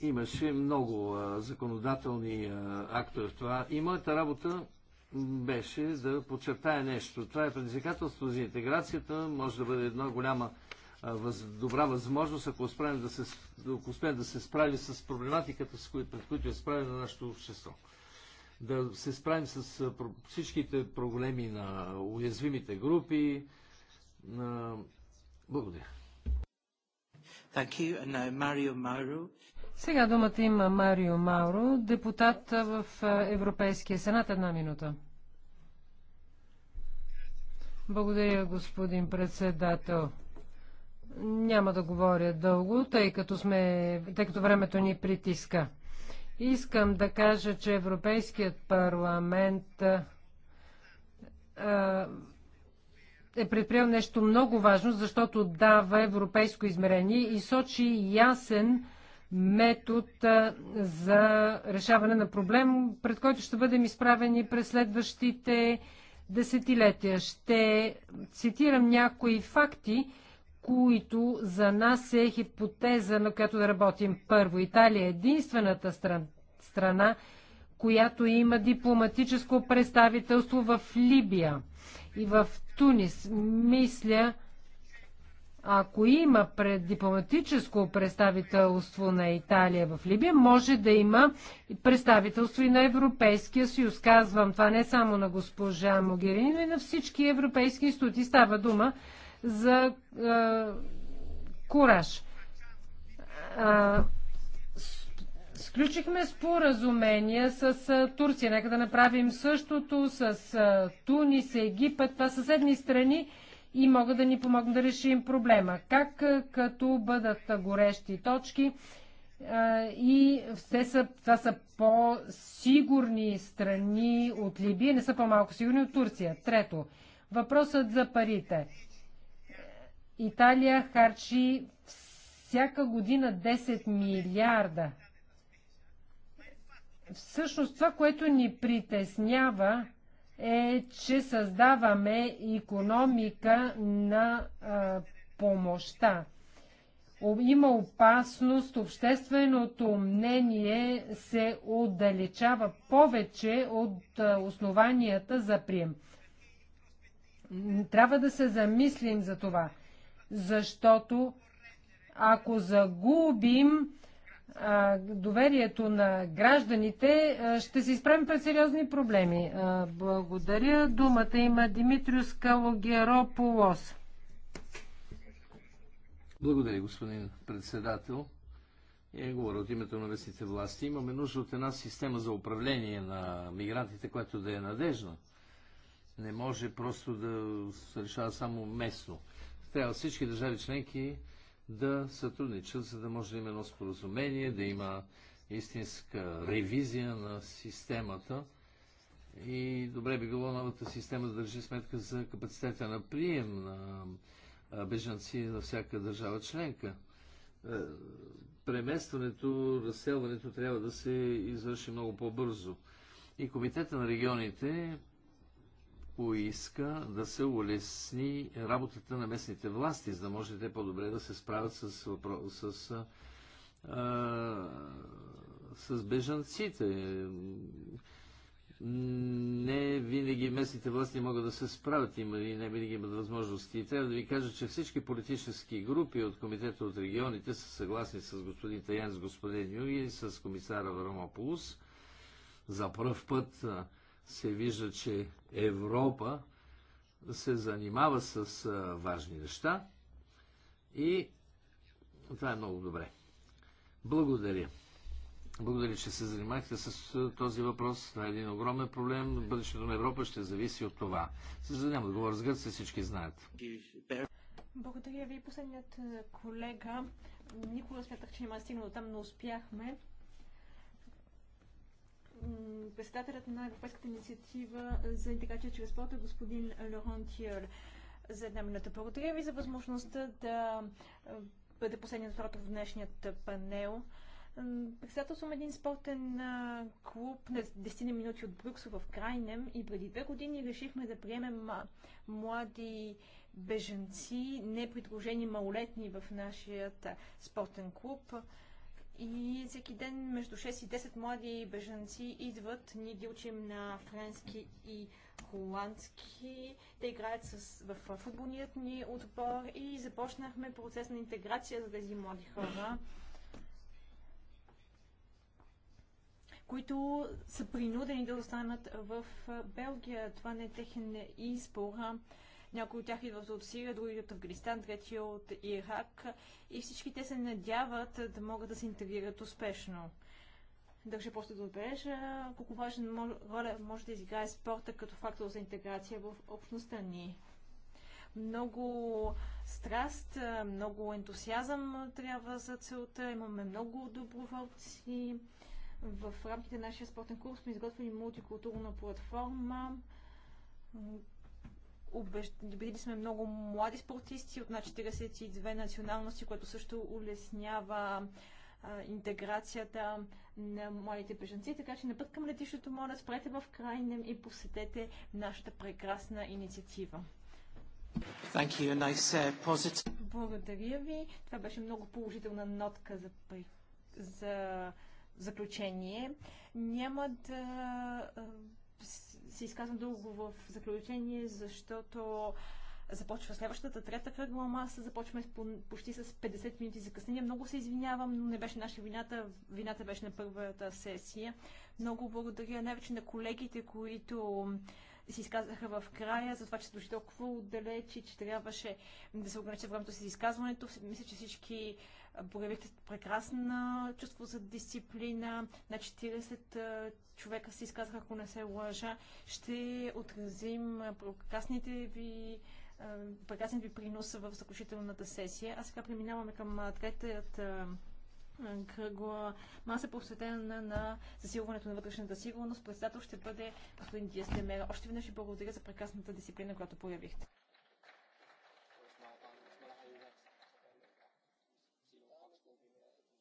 имаше много законодателни актове в това. И моята работа беше да подчертая нещо. Това е предизвикателство за интеграцията, може да бъде една голяма добра възможност, ако успеем да се, ако успеем да се справи с проблематиката, с кои, пред които е справено на нашето общество. Да се справим с всичките проблеми на уязвимите групи. Благодаря. Thank you. And now Mario Mauro. Сега думата има Марио Мауро, депутат в е, Европейския сенат. Една минута. Благодаря, господин председател. Няма да говоря дълго, тъй като, сме, тъй като времето ни притиска. Искам да кажа, че Европейският парламент а, е, е предприел нещо много важно, защото дава европейско измерение и сочи ясен метод за решаване на проблем, пред който ще бъдем изправени през следващите десетилетия. Ще цитирам някои факти, които за нас е хипотеза, на която да работим. Първо, Италия е единствената стран, страна, която има дипломатическо представителство в Либия и в Тунис. Мисля, ако има пред дипломатическо представителство на Италия в Либия, може да има представителство и на Европейския съюз. Казвам това не само на госпожа Могерини, но и на всички европейски институти. Става дума за е, кураж. сключихме споразумения с е, Турция. Нека да направим същото с е, Тунис, Египет, това съседни страни, и могат да ни помогнат да решим проблема. Как като бъдат горещи точки и все са, това са по-сигурни страни от Либия, не са по-малко сигурни от Турция. Трето, въпросът за парите. Италия харчи всяка година 10 милиарда. Всъщност това, което ни притеснява, е, че създаваме економика на а, помощта. Има опасност общественото мнение се отдалечава повече от основанията за прием. Трябва да се замислим за това, защото ако загубим доверието на гражданите, ще се изправим пред сериозни проблеми. Благодаря. Думата има Димитриус Калогерополос. Благодаря, господин председател. Е, я говоря от името на местните власти. Имаме нужда от една система за управление на мигрантите, която да е надежна. Не може просто да се решава само местно. Трябва всички държави членки да сътрудничат, за да може да има едно споразумение, да има истинска ревизия на системата. И добре би било новата система да държи сметка за капацитета на прием на бежанци на всяка държава членка. Е, преместването, разселването трябва да се извърши много по-бързо. И Комитета на регионите поиска да се улесни работата на местните власти, за да може те по-добре да се справят с, въпро... с, а, с бежанците. Не винаги местните власти могат да се справят, има и не винаги имат възможности. И трябва да ви кажа, че всички политически групи от Комитета от регионите са съгласни с господин Таян, с господин Юги, с комисара Варомополус За първ път се вижда, че Европа се занимава с важни неща и това е много добре. Благодаря. Благодаря, че се занимахте с този въпрос. Това е един огромен проблем. Бъдещето на Европа ще зависи от това. Също няма да говоря с Гърция, всички знаят. Благодаря ви. Последният колега. Никога смятах, че няма стигна до там, но успяхме председателят на Европейската инициатива за интеграция чрез спорта, господин Лорон Тиер, за една минута. Благодаря ви за възможността да бъде последният оратор в днешният панел. Председател съм един спортен клуб на 10 минути от Брюксел в Крайнем и преди две години решихме да приемем млади беженци, непридружени малолетни в нашия спортен клуб и всеки ден между 6 и 10 млади бежанци идват. Ние ги учим на френски и холандски. Те играят с, в футболният ни отбор и започнахме процес на интеграция за тези млади хора, които са принудени да останат в Белгия. Това не е техен избор. Някои от тях идват от Сирия, други от Афганистан, трети от Ирак и всички те се надяват да могат да се интегрират успешно. Държа просто да отбележа колко важен роля може да изиграе спорта като фактор за интеграция в общността ни. Много страст, много ентусиазъм трябва за целта, имаме много доброволци. В рамките на нашия спортен курс сме изготвили мултикултурна платформа, Убедили сме много млади спортисти от над 42 националности, което също улеснява а, интеграцията на младите бежанци. Така че на път към летището, моля, спрете в Крайнем и посетете нашата прекрасна инициатива. Thank you, Благодаря ви. Това беше много положителна нотка за, за заключение. Няма да се изказвам дълго в заключение, защото започва следващата трета кръгла маса, започваме по, почти с 50 минути закъснение. Много се извинявам, но не беше наша вината, вината беше на първата сесия. Много благодаря най-вече на колегите, които се изказаха в края, за това, че дошли толкова отдалече, че трябваше да се ограничат времето си изказването. Мисля, че всички проявихте прекрасна чувство за дисциплина. На 40 човека се изказаха, ако не се лъжа. Ще отразим прекрасните ви прекрасен ви принос в заключителната сесия. А сега преминаваме към третият кръгла маса, е посветена на засилването на вътрешната сигурност. Председател ще бъде господин Диас Демера. Още веднъж ви благодаря за прекрасната дисциплина, която появихте.